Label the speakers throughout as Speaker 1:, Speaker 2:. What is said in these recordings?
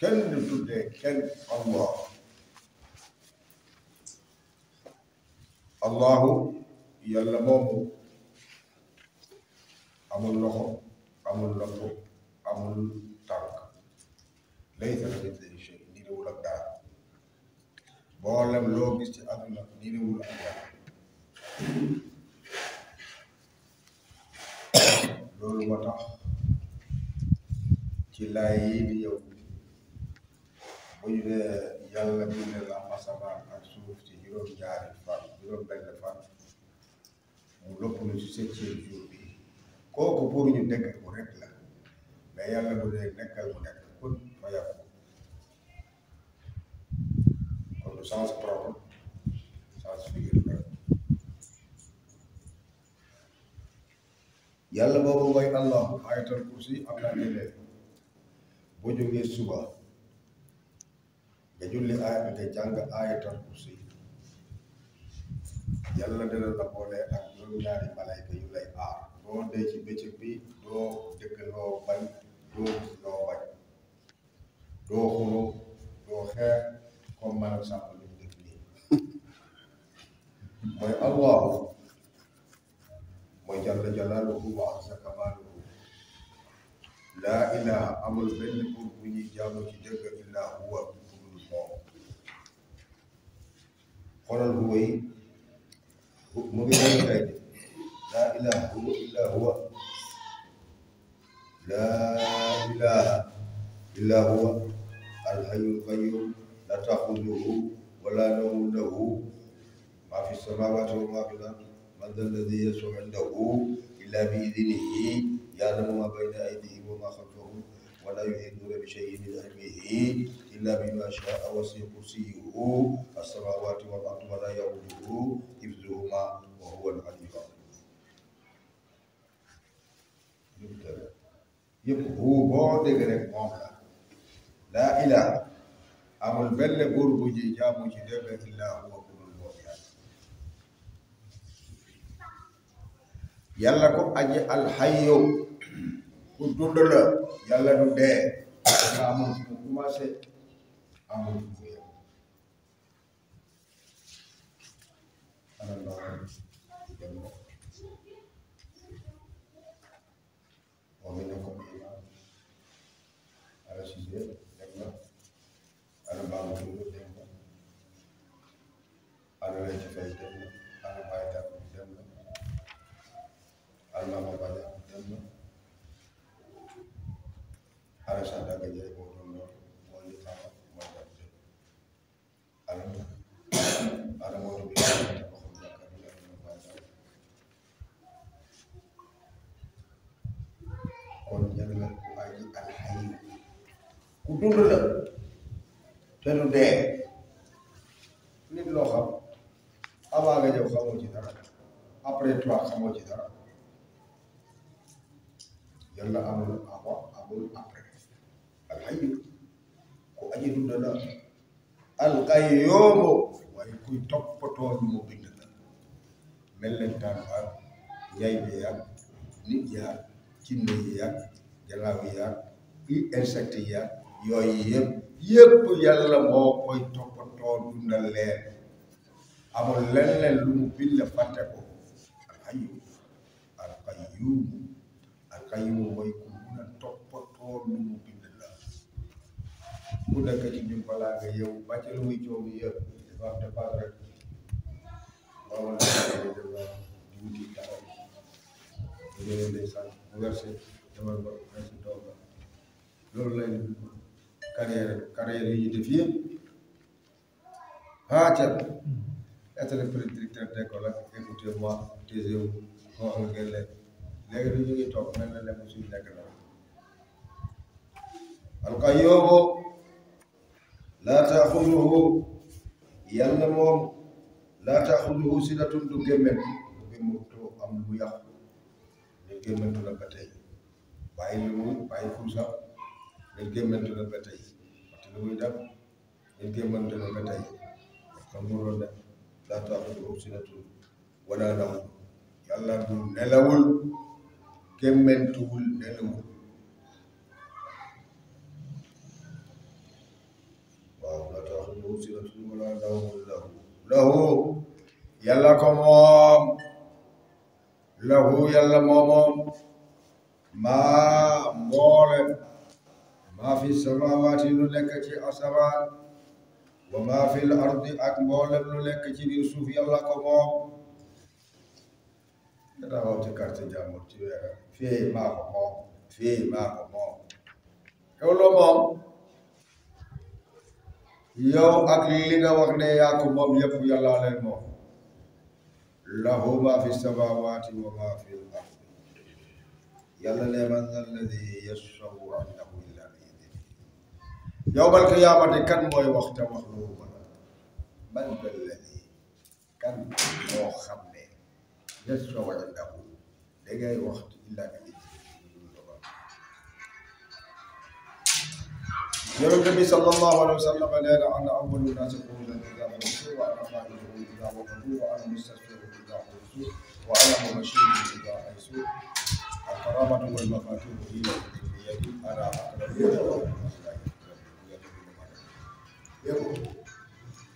Speaker 1: كلم جدك كلم الله الله يلا مومو امول لوخو امول لوخو امول تانك ليس لك شيء نيرو لك دا بولم لو غيس تي ادنا نيرو لك دا لول موتاخ تي لاي بي يوم bu ñu ne yàlla ne la asamaan ak suuf ci juróom-ñaari fan juróom-benn fan mu lëpp nu ci septième jour kooku pour ñu dëkk ko rek la mais yàlla mu ne nekkal mu nekk kon fa yàqu kon lu sens propre sens figuré yàlla boobu mooy allah ayatul kursi am naa bu jógee suba. nga ya julli aaya bi te jang jàng tan kursi yalla dina la bolé ak juróom-ñaari malayka yu lay aar doo de ci becc bi do dekk loo bañ do gis loo bañ doo xulu doo xeer comme man ak sàmm lu dëkk nii mooy allahu mooy jàll jalaaluhu wa azza kamaaluhu laa ilaha amul ben buur bu ñi jaamu ci dëgg illaa huwa xoolal bu wéy mu ngi doon kay laa ilaha illa huwa laa ilaha illa huwa alhayyul qayyum la taxuduhu wala nawmun lahu ma fi samawati wa ma fi l-ard man dha alladhi yashfa'u indahu illa bi idnihi ya'lamu ma bayna aydihim wa ma khalfahum ولا يحيطون بشيء من علمه الا بما شاء وسع كرسيه
Speaker 2: السماوات والارض ولا يؤوده حفظهما وهو العلي العظيم.
Speaker 1: هو بعد غرق لا اله ابو البل قرب جيجام جدب الا هو كل الوضع. يلا كو اجي الحي ku dund la yàlla du dee nga amoon mu commencé
Speaker 2: amoon fu mu yem
Speaker 1: ana loo dem ko moom it ne ko bii ala sise dem na ana baamu dund dem na ana lay ci fay dem na ana bàyyi tam dem na ana maama Badiane harasa daga jai bodon no wani kama mai dabbe alam alam wani bi ta ko da kabi da no ba da kon jalla ko aji al hayy ku dund la te du dee nit loo xam avant nga ñëw xamoo ci dara après toi xamoo ci dara yàlla amul avant amul après alxayu ku aji dund la alqayyoomu waaye kuy toppatoo lu mu bind la mellentaan ak njay bi yaag nit yaag cinne yi yaag jalaaw yi yaag i insecte yi yaag yooyu moo koy toppatoo dundal leen amul leneen lu mu bind ko alxayu alqayyuum alqayyuum mooy ku mun a toppatoo lu ku dëkk ci ñun balaa nga yow ba ci lu muy coow bi yëpp wax de pas rek waaw la di wuti dara ñu leen day sant mu versé demal ba versé toog ba loolu lay carrière carrière yi ñu def yëpp ah Thiel être le directeur d'école ak écoutez-moi taisez-vous wax nga ngeen leen léegi dañu ngi toog mel na lem suñu nekk la alka yóbbu laa taaxuduhu yàlla moom laa taaxuduhu sinatun du gémment gémmantu am lu mu yàqu ne gémmantu la ba tey bàyyi lu mu bàyyi fuusam ne gémmantu la ba tey waxtu lu muy def ne gémmantu la ba tey wala nawm yàlla du nelawul gémmantuwul nelawul ولا دور له له يلا كموم له يلا موم ما مولم ما في السماوات لنكتي أسمان وما في الأرض أكمولم لنكتي بيوسف يلا كموم Kita mau cekar sejak mau cuci, fee ma kau mau, fee ma kau mau, kau lo mau, يو أكلنا وغنى ياكم يبقى يلا لهم له ما في السماوات وما في الأرض
Speaker 2: يلا لمن
Speaker 1: ذا الذي يشفع عنده إلا بإذنه يوم القيامة كان موي وقت مخلوبا من ذا الذي كان مو خمي يشفع عنده لقى وقت إلا بإذنه
Speaker 2: يقول النبي صلى الله عليه وسلم لا
Speaker 1: أنا أول الناس قولا إذا مرسوا وأنا قائله إذا وقفوا وأنا مستشفع إذا مرسوا وأنا مبشر إذا أيسوا الكرامة والمفاتيح هي بيدي أنا أكرم يدي يقول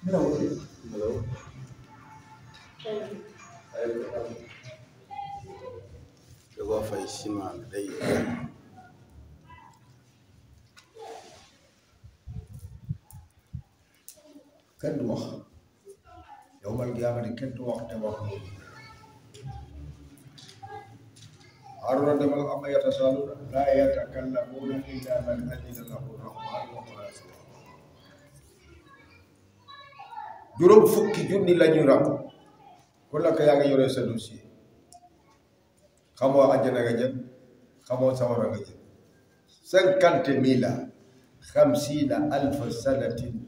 Speaker 1: من أول أيوة. جواب فيسمع لدي kenn du wax yow man gi yaama kenn du wax te wax loolu haruna demal amma yatasaaluna laa yatakallamuuna illa man adina lahu rahman wa taala durum fukki jooni lañu ñu ko la ka yaa yore sa dossier xamoo aljana nga jëm xamoo sawara nga jëm cinquante 50000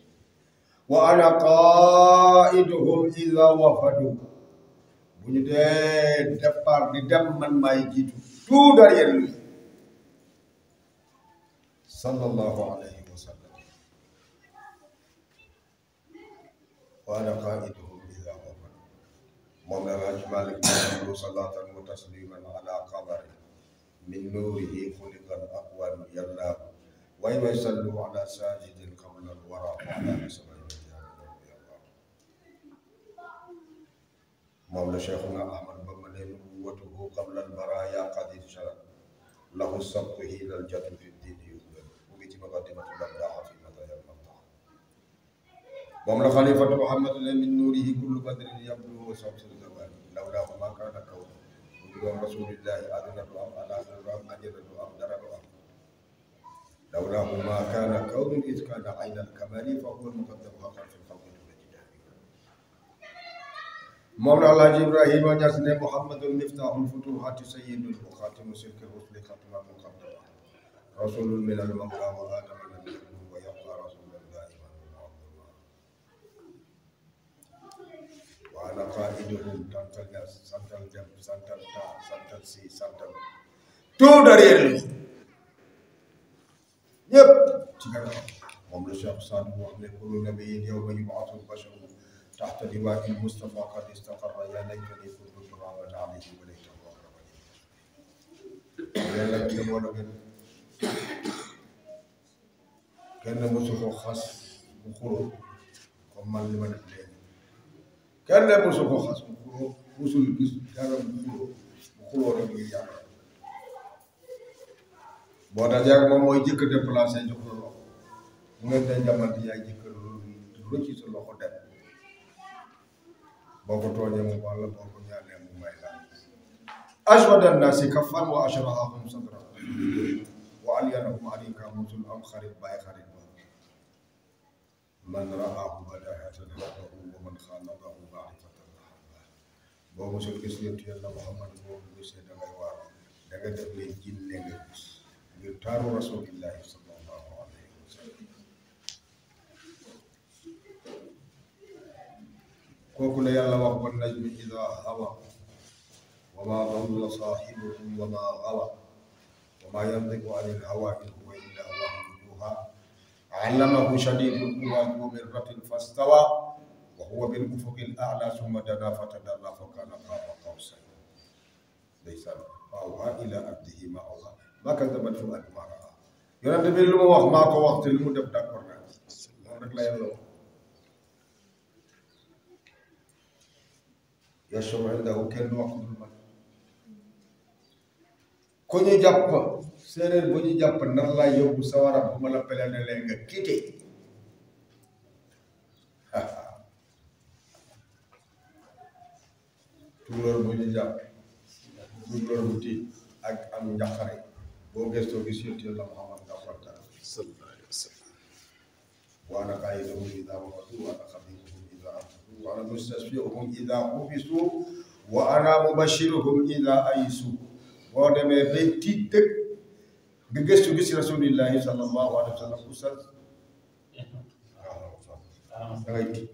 Speaker 1: wa ana qaiduhum illa wafadu buñu ñu départ di dem man may jitu tout derrière lui sallallahu alayhi wa sallam wa ana qaiduhum illa wafadu moom la raj malik sallallahu salatan wa tasliman ala qabari min nurihi khuliqal aqwam yallahu wa yusallu ala sajidin qabla al-wara ala sallam مولى شيخنا أحمد بملين قوته قبل البرايا قد انشرت له السبق هي الجد في الدين يذهب وبيتي مقدمة الأبداع في مطايا المنطقة مولى خليفة محمد من نوره كل بدر يبدو شمس الزمان لولاه ما كان كونه وبدون رسول الله ادنى الرب على اخر الرب أجر الرب در الرب لولاه ما كان كون إذ كان عين الكمال فهو المقدم حقا في مولانا جی ابراہیم جسن محمد المفتاح الفتوحات سید الخاتم سر کے حسن خاتمہ کو رسول من المولا و آدم النبی رسول اللہ ایمان و عبد اللہ و آنا قائدهم تنتل جس سنتل جب سنتل تا سنتل سی سنتل تو دریل یپ چکر مملو شخصان و احلی قلو نبی یوم یبعث البشر تحت لواء المصطفى قد استقر يا ليتني كنت ترابا عليه وليت الله yàlla bi moo la gën boo ko mu baal la boo ko ñaanee mu may la ashhadu an-naasi kaffan wa ashrahahum sadran wa alyanahum alika musul am xarit bàyyi xarit ba man raahu badahatan rabbahu wa man xaaladahu maarifatan rahabba boo mosul gis yonent Muhammad boo gisee da ngay waar da nga def ne jinne nga gis ngir كوكو يلا وهو النجم إذا هوى وما ضل صاحبه وما غوى وما ينطق عن الهوى إن هو إلا وهمها علمه شديد القوى ذو مرة فاستوى وهو بالأفق الأعلى ثم دنا فتدرى فكان قاب قوسين ليس فأوعى إلى عبده ما أوعى ما كذب الفؤاد ما رأى يونس بن لوح ماكو وقت المدب دكورنا رك لا يلوح yashfa'u indahu kenn du wax lu man ku ñu jàpp séeréer bu sawara bu ma la peleenalee nga kiite tukulóor bu ñu bu tiit ak am njaqare boo gëstoo gis yonent Yàlla Muhammad nga fanta sallallahu alayhi wa sallam wa ana qaa'iduhum idhaa waqafu wa ana xabiiruhum وأنا مستشفيهم إذا خفصوا وأنا مبشرهم إذا أيسوا boo demee bay tiit dëkk nga gëstu gis rasulillahi sallallahu alayhi wa sallam oustaz waaw da ngay tiit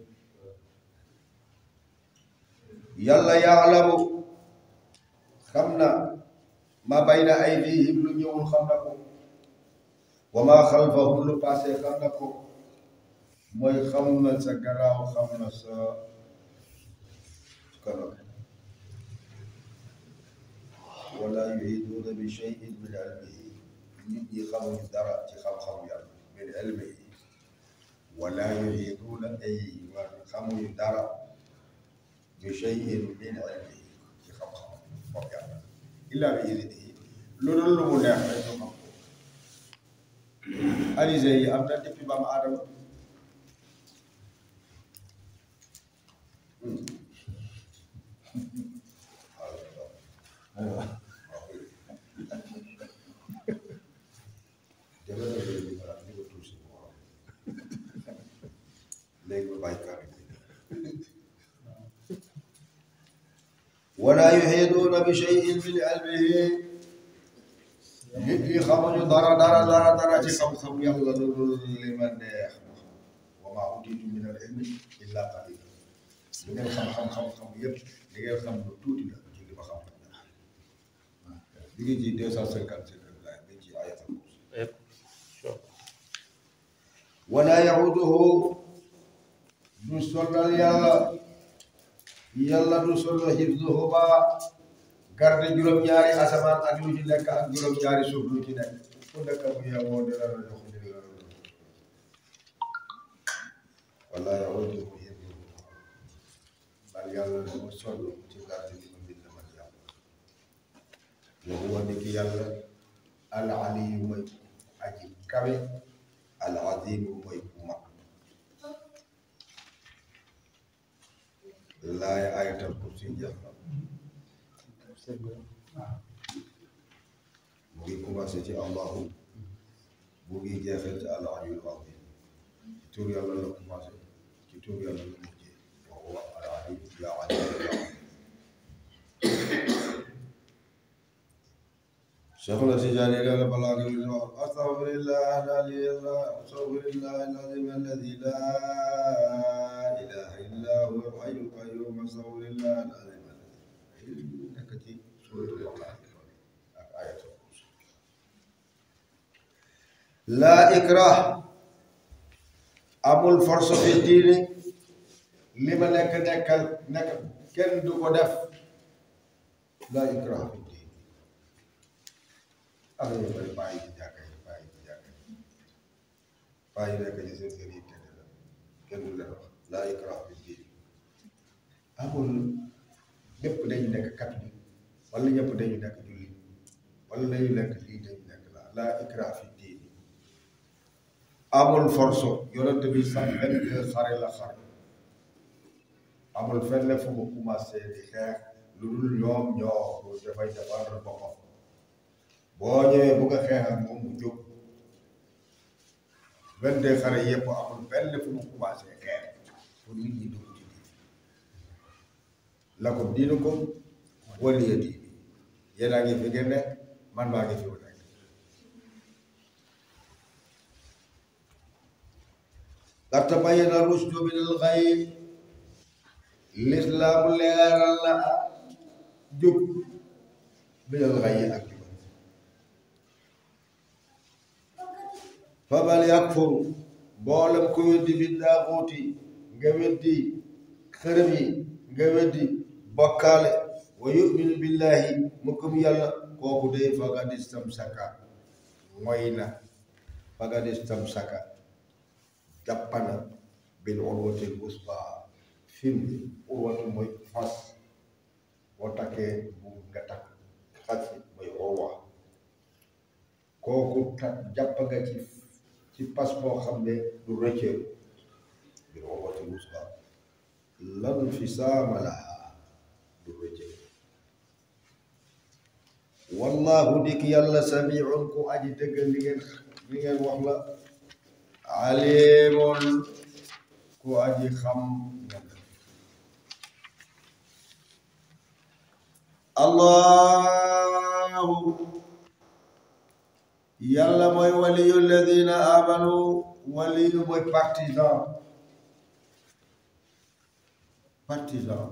Speaker 1: yàlla yaalamu xam na ma bayna aydihim lu ñëwul xam na ko
Speaker 2: wa ma xalfahum lu
Speaker 1: passé xam na ko mooy xam na sa garaaw xam na sa kanam wala yuhiduuna bi cheyin min ilmihi nit ñi xamuñu dara ci xam-xamu yàlla min ilmihi wala yuhiduuna ay wa xamuñu dara bi cheyin min ilmihi ci xam-xamu moom yàlla illa bi idnihi lu dul lu mu neex rek ñu xam ko alizé yi am na depuis ba mu aadama ولا يحيطون بشيء من علمه
Speaker 2: يجي خبر دار دار دار دار جسم
Speaker 1: خبر يلا لمن يخبر وما أوتيت من العلم إلا قليلا li ngay xam xam xam tuuti la ci li ci deux cent cinquante cinq laay bi ci ayatul kursi wala yahuduhu du sollal yàlla yàlla du sollal hifduhuma garde juróom-ñaari asamaan ak lu ci nekk ak juróom-ñaari suuf lu ci nekk ku wala yahuduhu yàlla dama sonn ci baati li ma bind man yàlla yow wane ki yàlla al aliyu mooy aji kawe al azimu mooy bu mag laay ayatal kursi jeex na mu ngi commencé ci allahu mu ngi jeexal ci al aliyul azim ci tur yàlla la commencé ci tur yàlla la ووفر عليه التلاوة
Speaker 2: شيخنا التجاري قال بلاغ
Speaker 1: استغفر الله العلي استغفر الله العظيم الذي لا اله الا هو الحي القيوم استغفر الله العظيم الذي لا إكراه أبو الفرس في الدين li ma nekk nekkal nekk kenn du ko def laa ikraha fi diin ala ñu bari bàyyi ci jàkka yi bàyyi ci jàkka yi bàyyi nekk ci seen kër yi tëdd la kenn du leen wax laa ikraha fi diin amul ñëpp dañu nekk catholique wala ñëpp dañu nekk jullit wala dañu nekk lii dañu nekk laa laa ikraha fi diin amul force yonent bi sax benn xare la xare amul fenn fu mu commencé di xeex lu dul ñoom ñoo dafay défendre boppam
Speaker 2: boo ñëwee bu nga
Speaker 1: xeex ak moom mu jóg vingt deux xare yëpp amul fenn fu mu commencé xeex pour nit ñi dugg ci biir la ko diinu ko waliya diini yéen a ngi fi ngeen man maa ngi fi nekk lislaamu leeral la ak jub binal ak jub fabal yakfur boolem ko weddi bi daaxuut nga weddi xërëm nga weddi bokkaale wa yu'minu billahi mu gëm yàlla kooku day faqad istamsaka mooy na faqad istamsaka jàppana bil urwatil wusqa film bi pour wante mooy fas takkee bu nga takk fas bi mooy rowa kooku ta nga ci ci fas xam ne du rëccee bi rowati wusqa lan fi saama du rëccee wallahu dik yàlla samiun ku aji dëggal li ngeen li ngeen ku aji xam allahu yàlla mooy waliyu ladina amanu waliyu mooy partisan partisan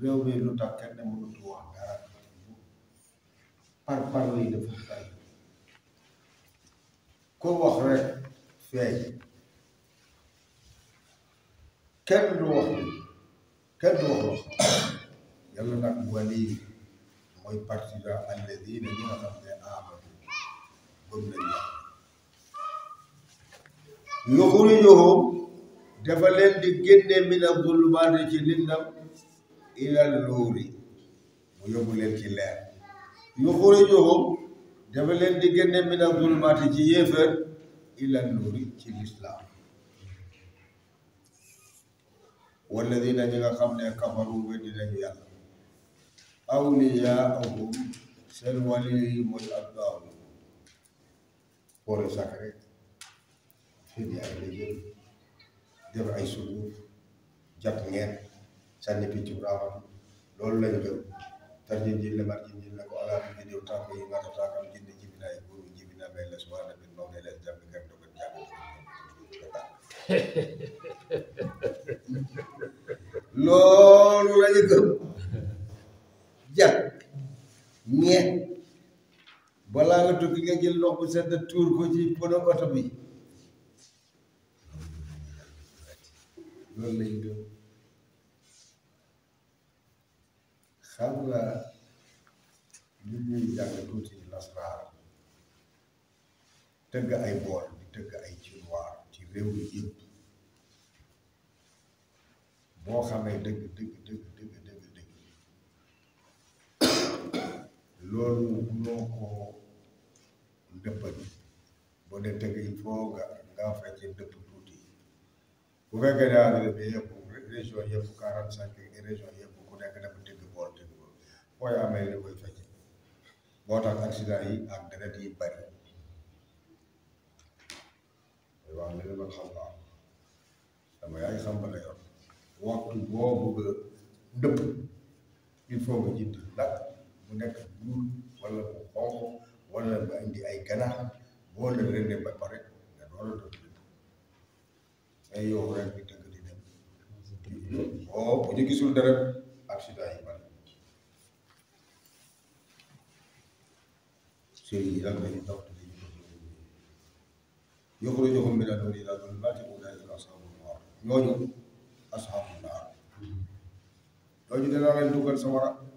Speaker 1: réew mi lu tax kenn mënut wax dara par par yi dafa bari ko wax rek feeñ kenn du wax kenn nag waliyu mooy partida alladina ñi nga xam ne amanu gëm nañ yàlla yuxrijuhum dafa leen di génne min azulumaati ci lindam ila nuuri mu yóbbu leen ci leer yuxrijuhum dafa leen di génne min azulumaati ci yéefar ila nuuri ci lislaam walladina ñi nga xam ne kafaru weddi nañu yàlla awliya'uhum sel waliyumul abdaru woore sacré fii ay lege def ay suuf jap ngeen sànni picc raawam loolu lañ gëm tarjin jille marjin jille ko ala bi video tako yi ngata takam jinde jibina bu guru jibina be les wala bin no ne les jambe gam dogon jambe loolu lañu gëm jat ñeet balaa nga tukki nga jël ndox bu sedd tuur ko ci pono oto bi loolu lañ gëm xam nga ñu ñuy jàng tuuti lasraar tëgg ay bool di tëgg ay ciwaar ci réew yi yëpp boo xamee dëgg dëgg dëgg loolu munoo koo dëppal boo dee teg il faut nga nga dëpp tuuti bu fekkee daa ne bi yëpp région yëpp quarante cinq région yëpp ku nekk dafa dégg bool dégg bool fecc moo tax accident yi ak deret yi bari waaw li man xam naa dama yaay xam ba la yor waxtu dëpp il faut nga jiitu bu nekk ñuul wala ay ganaar boo leen rendee ba pare nga door a doon mais yow ren boo bu ñu gisul dara accident yi bari sëriñ yi lan lañu dox يخرجهم من النور إلى الظلمات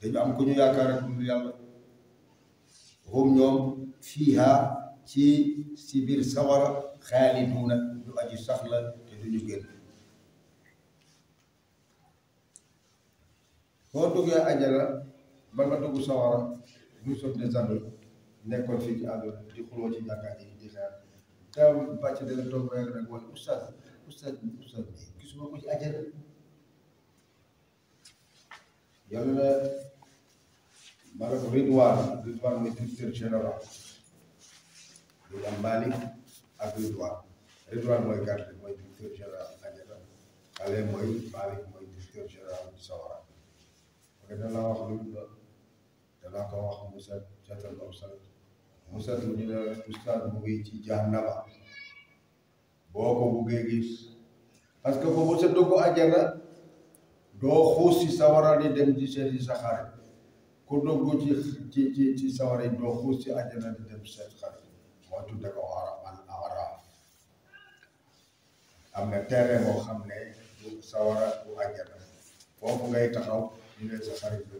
Speaker 1: dañu am ku ñu yaakaar ak lu yàlla hum ñoom fiiha ci si biir sawara xaaliduuna ñu aji sax la te du ñu génn boo duggee ajala ba nga dugg sawara ñu sot ne zandu nekkoon fii ci àdduna di xuloo ci jàkkaar yi di xeer tam bàcc dana toog rek nag wala oustaz oustaz bi oustaz bi ko ci ajala yàlla na maanaam ridwaan mooy directeur général di am Malick ak ridwaan ridwaan mooy gàtt mooy directeur général ale mooy Malick mooy directeur général bu Sawara mu ne danaa wax lu mu danaa ko wax Moussa Diatal Moussa Moussa ñu ne ustaad mu ngi ci jahannama boo ko buggee gis parce que foofu sa dugg àjjana doo xuus ci sawara di dem sa xarit ku dugg ci ci ci sawara yi doo xuus dem seet xarit moo tudde ko am na terrain boo xam ne du sawara du àjjana foofu ngay taxaw ñu ne sa xarit bi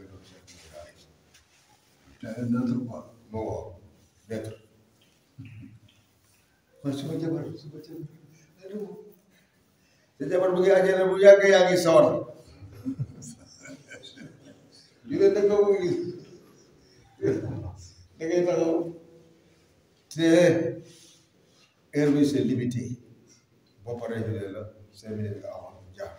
Speaker 1: nga doon seet moo nekk man su ma jabar su ma jabar sa jabar bu ngi àjjana bu yàgg yaa ngi sawara ñu ne dëgg boobu gis da ngay taxaw te heure bi c'est limité boo paree ñu ne la cinq minutes nga amoon jaar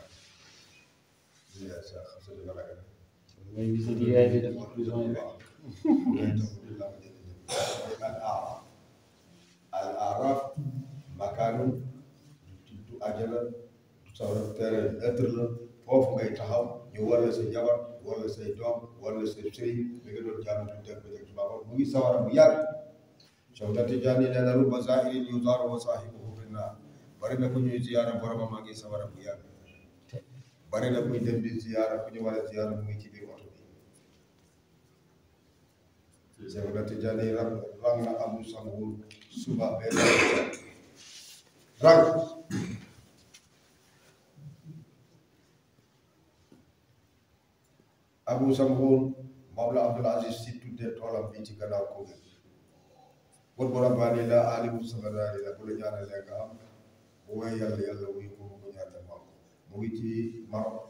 Speaker 1: al-araf makaanun du ajala du sawar tere être la foofu ngay taxaw ñu walla sa jabar walla say doom walla sa sëriñ bi nga doon jàng du teg ba teg ci baaxoon mu ngi sawara bu yàgg Cheikh Tidiane nee na rubba zaa'irin yuzaaru na ku ñuy ziyaara boromam maa ngi sawara bu bari na kuy ziyaara ku ñu war ziyaara mu ngi ci biir oto bi Cheikh Tidiane rang na amu sangu Moussa Mbour moom la Abdoul Aziz Sy tuddee toolam bi ci gannaaw kooku
Speaker 2: bon borom baa nii laa
Speaker 1: Aliou Sow la bu la ñaanalee nga am bu may yàlla yàlla wuyu ko ko ñaanal ma mu ngi ci Maroc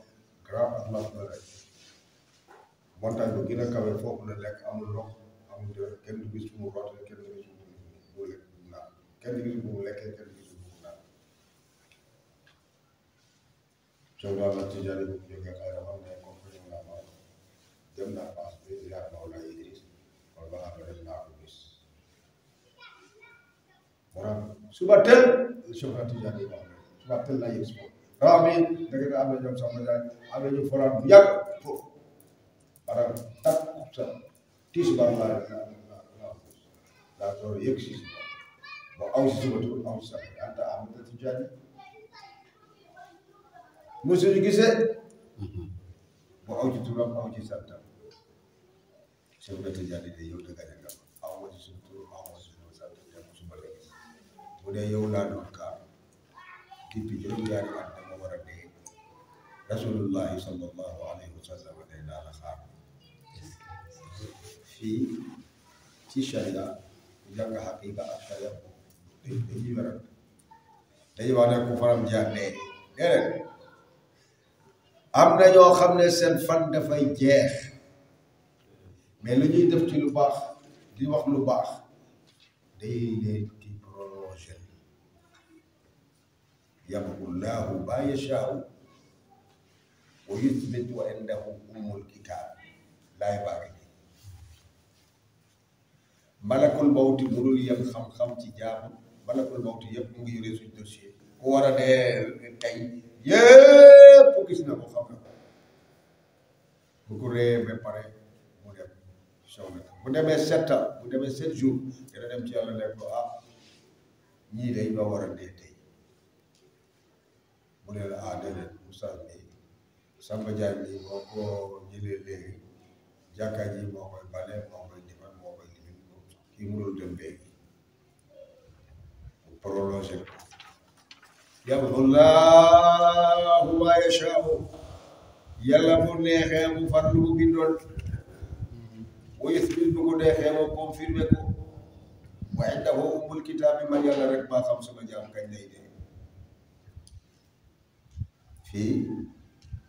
Speaker 1: Grand Atlas Baray la nekk amul ndox amul dër kenn du kenn du gis fu mu lekk naan kenn du gis fu mu lekkee kenn du gis fu mu naan. Cheikh Ahmed Tidiane bu jógee ay جمدہ پاس پہ زیادہ مولا ادریس اور وہاں پر اللہ کو بس اور ہم صبح تل شبہ تجا دے صبح تل نہیں اس کو رامی ہاں، لیکن آپ نے جب سمجھ آئے آپ نے جو فران یک پھو اور تک کچھ سب تیس بار لائے رہا لازور ایک سی سی صبح تل اوز سب آتا آمدہ تجا مجھے کسے ma'aujizun ma'aujizat ta sai muka ta jani da yau daga daga an waje sun turo an waje sun wasa ta da musu bala mu da yau na duka tipi jirgin yari an da mawara da ya, ya rasulullahi sallallahu alaihi wasallam da ya lalaka fi am na ñoo xam ne seen fan dafay jeex mais lu ñuy def ci lu baax di wax lu baax day leen di prolongé yamhu llaahu maa yashaa'u wa yuthbitu wa indahu ummul kitaab laay baax gi malakul mawti mënul yem xam-xam ci jaamu malakul mawti yëpp mu ngi yore suñu dossier war a dee tey yépp gis na ko xam bu ko ree pare mu demee sept bu demee sept jours dina dem ci yàlla ne ko ah ñii day ñoo war a dee tey mu ne la ah déedéet Moussa mii Samba Diagne mii moo ko jëlee léegi jàkka ji moo koy bale moo koy defar moo koy kii mu doon dem léegi mu prolongé yamhu llaahu maa yashaa'u yàlla bu neexee mu farlu bu bindoon wa yusbit bu ko neexee mu confirmé ko wa indahu ummul kitaab bi man yàlla rek maa xam sama jaam kañ lay dee fii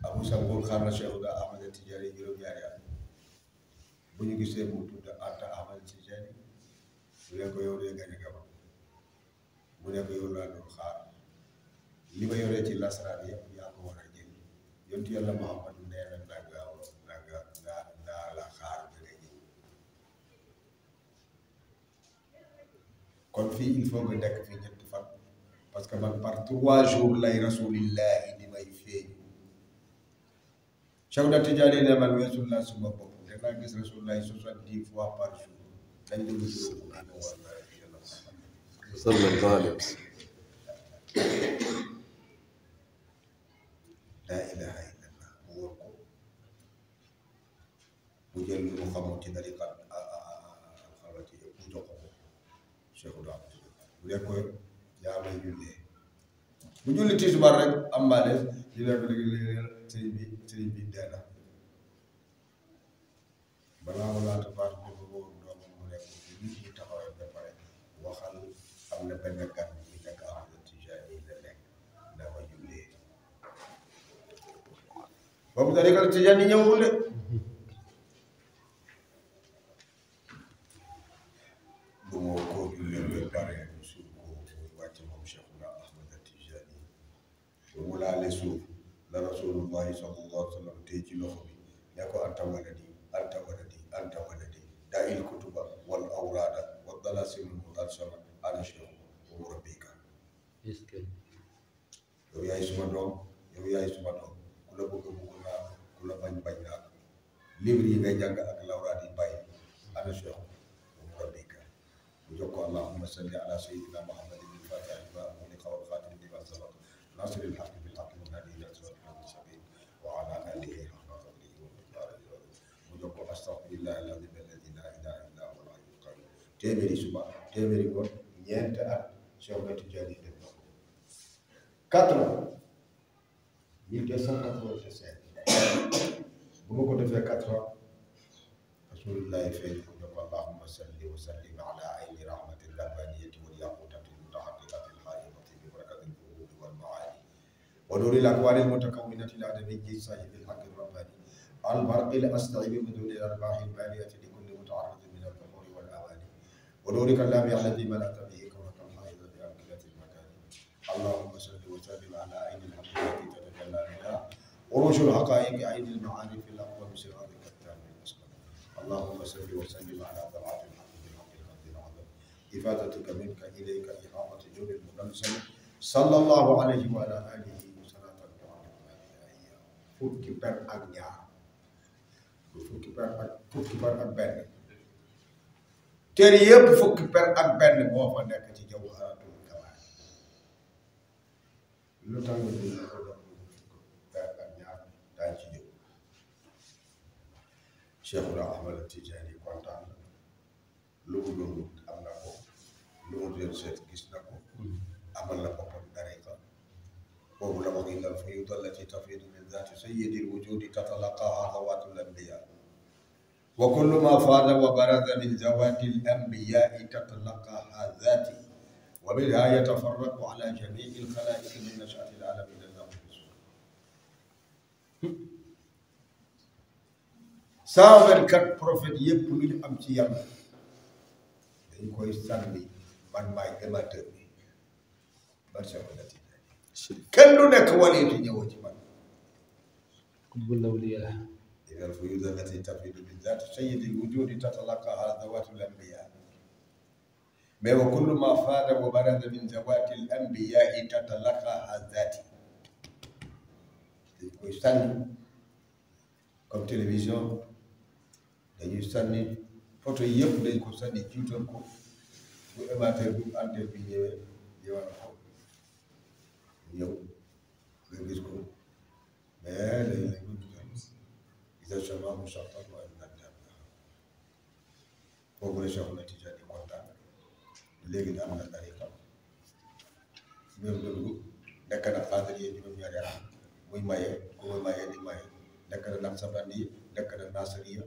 Speaker 1: Abu Sangoor xaar na Cheikh Oudar Ahmad Tijaani juróom-ñaari at bu ñu gisee mu mu ne ko yow dee nga gama mu ne ko yow laa doon xaar. li yore yoree ci lasaraan yëpp ya ko wara a jël yontu yalla Muhammad neena daga daga nanga naa la xaar da ngay léegi kon fi il faut nga dekk fi ñetti fan parce que man par trois jours lay rasulillah di may feeñu chaque da Tidiane ne man weesul naa suma bopp danaa gis rasulillahi 70 fois par jour dañ do dugg juróom sallallahu alaihi wasallam xamante ne dañuy xam xamante ne bu jox ko Cheikh bu dee ko yaa may bu julli tisbaar rek am mbaa des ñu ne bi sëriñ bi dee na balaa walaata baat boobu boobu doomu mu nekk nit taxawee ba pare waxal am na benn gan yi nekk am na tijaan yi la nekk na ma jullee boobu da dikal tijaan dare yusufu wati mamshakuna ahmad atijani wulaale suuf la rasulullahi sallallahu alayhi wa sallam ci loxo bi ne ko anta waladi anta waladi anta waladi daa il kutuba wal awraada wa dalasil mudarsala ana shehu wa rabbika yow yaay suma doom yow yaay suma doom ku la bëgg bëgg naa ku la bañ bañ naa livre yi ngay jàng ak lawraat yi bàyyi ana shehu يقول اللهم صل على سيدنا محمد الفاتح لما أغلق والخاتم لما سبق ناصر الحق بالحق والهادي إلى صراط المستقيم وعلى آله حق قدره ومقداره ويقول أستغفر الله العظيم الذي لا إله إلا هو العلي القيوم تيمري سبع تيمري góor ñeent at Cheikh Béthio Diagne def na ko quatre ans mille deux cent quatre vingt حمدك اللهم صل وسلم على عين رحمة الربانية والياقوتة المتحققة
Speaker 2: في الحائضة ببركة الفروض والمعالي ونور الأكوان المتكونة
Speaker 1: لا صاحب الحق الرباني البرق الأستعيب من دون الأرباح البالية لكل متعرض من الظهور والأواني ونور كلام الذي ملأت به كرة الحائضة بأمكنة المكان اللهم صل وسلم على عين الحق التي تتجلى بها وروش الحقائق عين المعارف اللهم صل وسلم على بلعات الحق بحق الحق العظيم افادتك منك اليك احاطه جل المنزل صلى الله عليه وعلى اله وسلم فوت كبر اجنيا فوت كبر اجنيا تري يب فوت كبر اجنيا مو فانا كتي جوهرات الكوارث لو شيخنا أحمد التجاني كنت أنا لو لوند أم نكو لوند يرسل كيس نكو أم لا بحر دريقة التي تفيد من ذات سيد الوجود تتلقاها هوات الأنبياء
Speaker 2: وكل ما فاز وبرز
Speaker 1: من ذوات الأنبياء تتلقاها ذاتي وبها يتفرق على جميع الخلائق من نشأة العالم إلى النوم cent vingt quatre prophètes yëpp lu ñu am ci yàlla dañ koy sànni man maay démateur bi man samadati kenn du nekk wali di ñëwoo ci man قطب الأولياء إلى الفيوز التي تفيد بالذات سيد الوجود تتلقاها ذوات الأنبياء ما وكل ما فاد وبرز من ذوات الأنبياء تتلقاها ذاتي كويستان كم تلفزيون dañuy sànni photo yëpp dañ ko sànni jiital ko bu émetteur bu antenne bi ñëwee ñëwaat ko ñëw nga gis ko mais dañu ne ko jiital exactement mu soxla mooy naan boobu la soxla Tijaan di kontaan léegi da am na tariqa même dëgg nekk na xaaral yi juróom-ñaari at muy maye ku muy maye di maye nekk na nasabaan yi na nasariya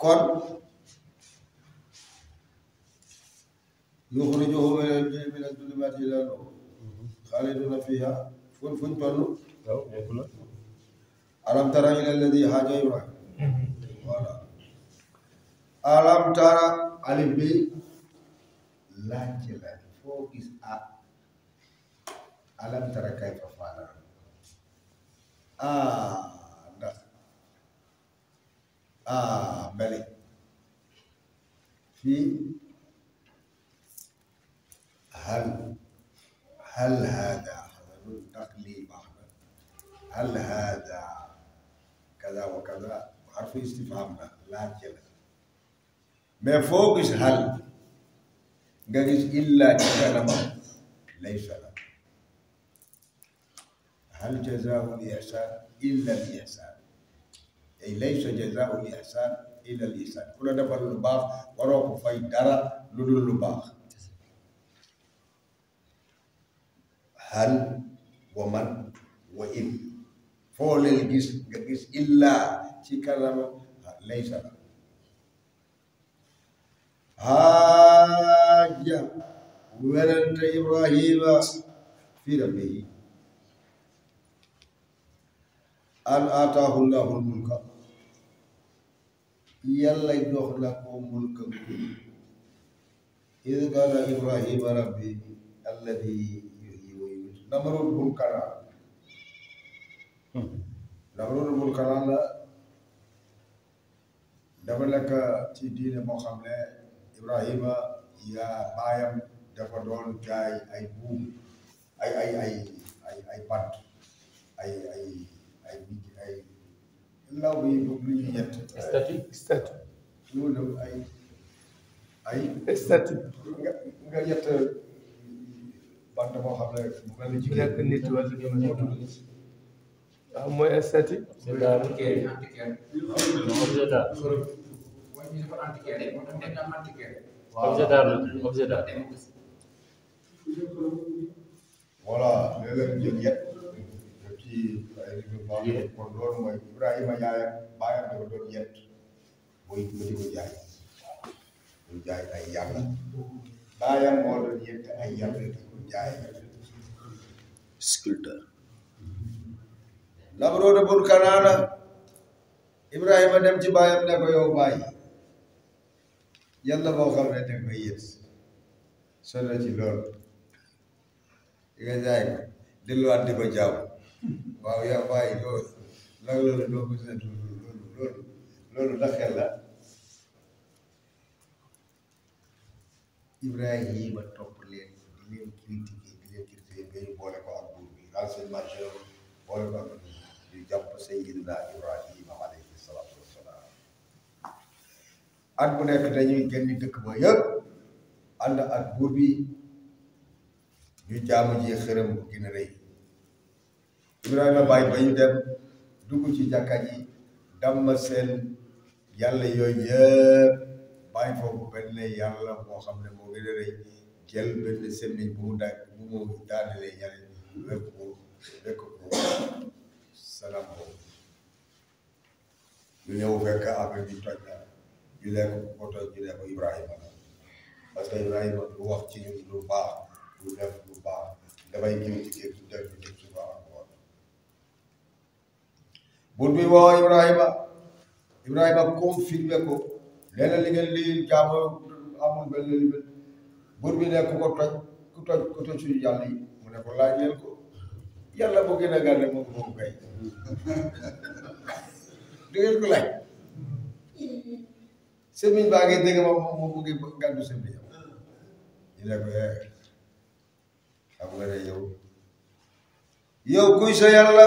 Speaker 1: kon yuxrijuhum min adulumaati ila nuur xaaliduna fiha fuñ fuñ toll alam tara ila alam tara alif bi laaj foo gis a ah, alam tara kayfa faala آنخ آه، آمل آه، في هل هل هذا
Speaker 2: حضر محمد هل هذا كذا وكذا
Speaker 1: لا فوقش هل قال إلا كلمة ليس له hal jazaa'ul ihsan illa al ihsan ay laysa jazaa'ul ihsan illa al ihsan ku la defal lu baax waro ko fay dara ludul lu baax hal wa man wa in fo le gis ga gis illa ci kalam laysa la haaja werante ibrahima fi rabbihi an ataahu llaahu l-mulka yàlla jox na ko mulka iz qaala Ibrahima rabbi alladi yuhyi wa yumiitu Namruud Burkanaan Namruud Burkanaan la dafa nekk ci diine moo xam ne Ibrahima yaa baayam dafa doon jaay ay buum ay ay ay ay law yi boobu lu ñuy yett. statut statut. loolu ay ay. statut nga nga yett bant boo xam ne bu mel ni jigéen. nekk nit wala ñu mel ni waaw mooy statut. c'est ça antiquaire antiquaire. objet d'art la objet d'art. voilà léeg-léeg ñu jël yett. ci ay yaayam baayam dafa doon yett mooy ba di ay yàlla baayam moo doon yett ay yàlla di ko jaay
Speaker 2: sculpteur
Speaker 1: Labroode bun Kanaana dem ci baayam ne ko yow baay yàlla boo ne danga koy yët sonn ci loolu di nga jaay delluwaat di ko waaw yaa bàyyi loolu nag loolu doo ko seet loolu loolu la xel la Ibrahima topp leen di leen critiquer di leen critiquer bay boole ko ak buur bi renseignement généraux boole ko ak ñu jàpp Sayyidina Ibrahima alayhi salaatu wassalaam at bu nekk dañuy génn dëkk ba yëpp ak buur bi ñu jaamu ji xërëm bu gën Ibrahima Baye ba dem dugg ci jàkka damma seen yàlla yooyu yëpp bàyyi foofu benn yàlla moo xam ne moo gën a rëy jël benn semmiñ bu mu daaj bu mu daanelee ñeneen ñi wékk ko wékk ko salaam boobu ñu ñëw fekk affaire bi toj na ñu lekk ko toj parce que Ibrahima du wax ci ñun lu baax du def lu baax dafay ci kër du def lu bunt bi woo Ibrahima Ibrahima confirmé ko leneen li ngeen lii jaamu amul benn li benn bi ne ku ko toj ku toj ku toj suñu yàlla mu ne ko laaj leen yàlla bu gën a gàdde moom moom kay di ngeen baa ngi dégg ma mu ngi gàddu sëmiñ ñu ne ko eh, xam nga ne yow yow kuy yàlla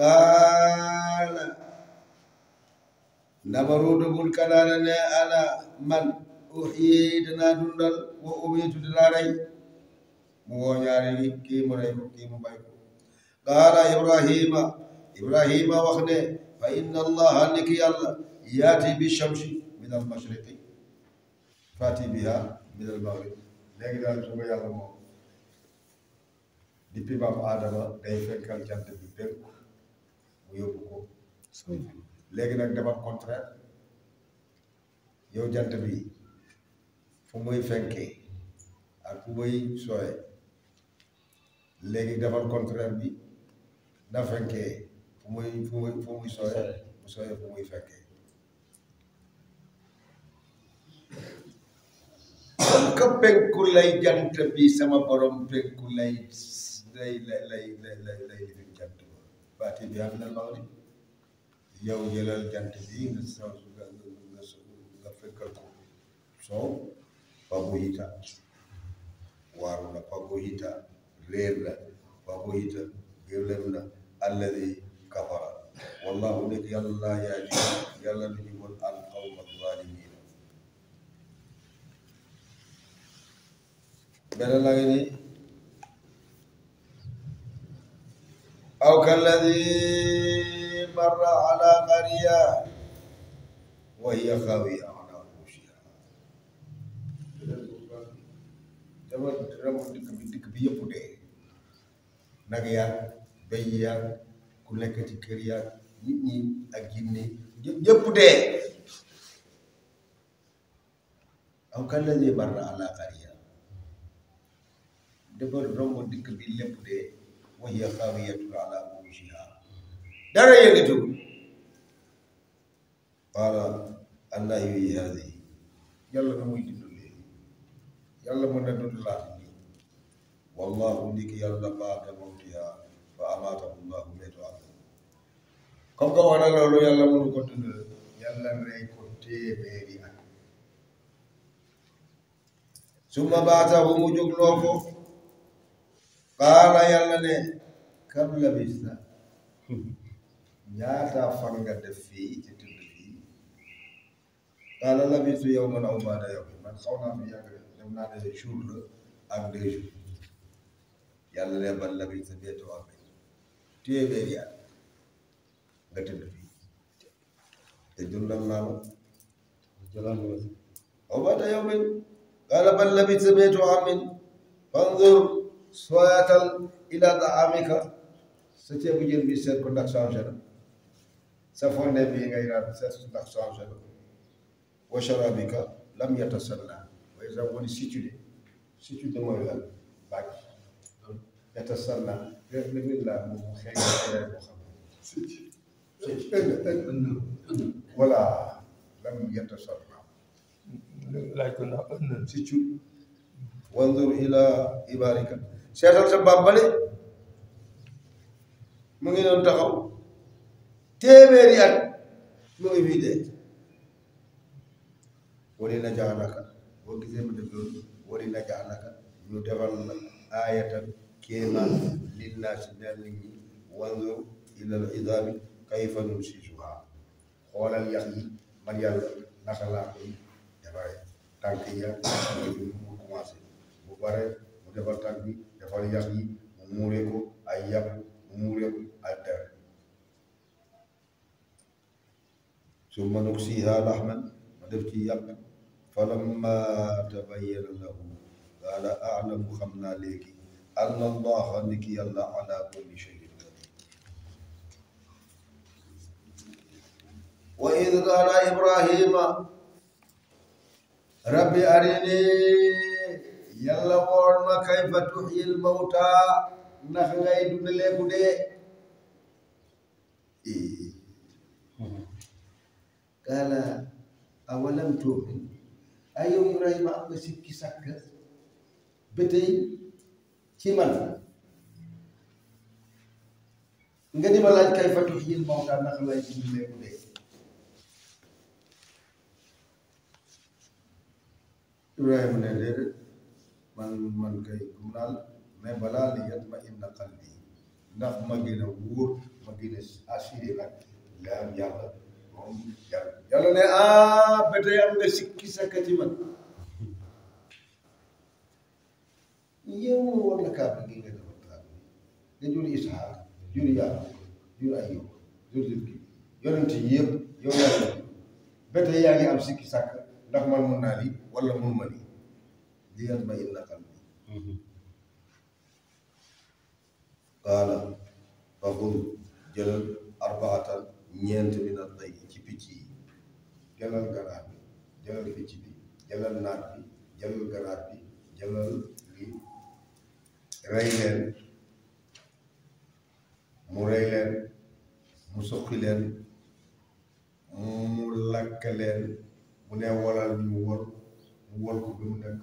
Speaker 1: qaala nabaruudugul kalaala ne ana man uxyi dundal wa umiitu danaa mu woo ñaari ni kii mu rey ko kii ibrahima ibrahima wax fa inna allaha niki yàlla yaati bi shamsi min al biha min al maghrib léegi daal suba yàlla moom depuis Adama day fenkal jant bi penku mu yóbbu ko léegi nag dafa contraire yow jant bi fu muy fenkee ak fu muy sooyee léegi dafa contraire bi na fenkee fu muy fu muy sooyee mu sooyee fu muy fenkee ka penku lay jant bi sama borom penku lay lay lay lay lay lay jant baati bi am na maghrib yow jëlal jant bi nga saw nga nga nga fekkal ko soow fago hita waaru na fago hita réer la fago hita gëlëm na alladi kafara wallahu nekk yàlla laa yaadi yàlla duñu woon al qawma zalimin beneen laa ngi nii أو كالذي مر على قرية وهي خاوية على عروشها Jangan ramu dikebiya pude, nagaya, bayya, kuleka cikiriya, ini agini, dia pude. Aku kan lagi barra ala karya. Jangan ramu dikebiya pude, wa hiya khawiyatun ala urushiha dara yëngatu qaala allah yuhyi haadihi yàlla na muy dundalee yàlla mën na dundalaat nii wallahu ndiki yàlla baada mawtiha fa amaatahu llahu meetu adam comme que wax na loolu yàlla mënu ko dundal yàlla rey ko téeméeri summa baatahu mu jógloo qaala yàlla ne kam labista ñaata fan nga def fii ci tëdd fii qaala labistu yawman aw ba'da yawmin man xaw naa fi yàgg dem naa ne jour la ak deux ne ban labista bee tubaab bi téeméer yàlla nga tëdd fii te dundal naa la aw ba'da yawmin qaala bal labista bee sowaatal ilaa da amika sa ceebu jën bi seet ko ndax changé sa fonde bi ngay naan seet ko ndax changé lam yatasanna wa iza lam yatasanna laaj ko ndax ënn situde seetal sa bàbbale mu ngi doon taxaw téeméeri at mu ngi fii dee wali na jaanaka boo gisee ma def loolu wali na jaanaka ñu defal la aayatan kéemaan lil naa si ñeel nit ñi wanzur ilal idaami kayfa nunsisuhaa xoolal yax yi man yàlla naka laa koy defaree tànk ya mu commencé bu mu defal tànk bi falyaqi mumureko ayyaku mumureku addar ثم نقصيها لحما ودفتي يق فلما تبين له قال أعلم خمنا ليك أن الله نك يلا على كل شيء وإذ قال إبراهيم رب أرني yàlla woon ma kayfa tuxyil mawta ndax ngay dundalee ku dee qaala awalam tuumin ay yow Ibrahima am nga sikki sàkk ba tey nga di ma laaj kayfa tuxyil mawta ndax ngay dundalee ku dee Ibrahima ne déedéet malkay kay mu naan mais ni yat yatma inna qalbi ndax ma gina wour ma gina a assuré nag jaam yàlla moom yalla yàlla ne ah, a ba tey am nga sikki sakati man yow war la ka bëgg nga do kaa nga jul Isxaaq jul ya jul ayo jul Zulki yonenti yeb yow yalla ba yaangi am sikki sak ndax man mun na li wala mun ma lii ليطمئن قلبي قال فهم jëlal arbaatan ñeent bi na day ci picc yi jëlal ganaar bi jëlal picc bi jëlal naat jëlal ganaar jëlal li mu rey mu suqi mu lakk mu ne walal ñu wol mu wol ko bi mu nekk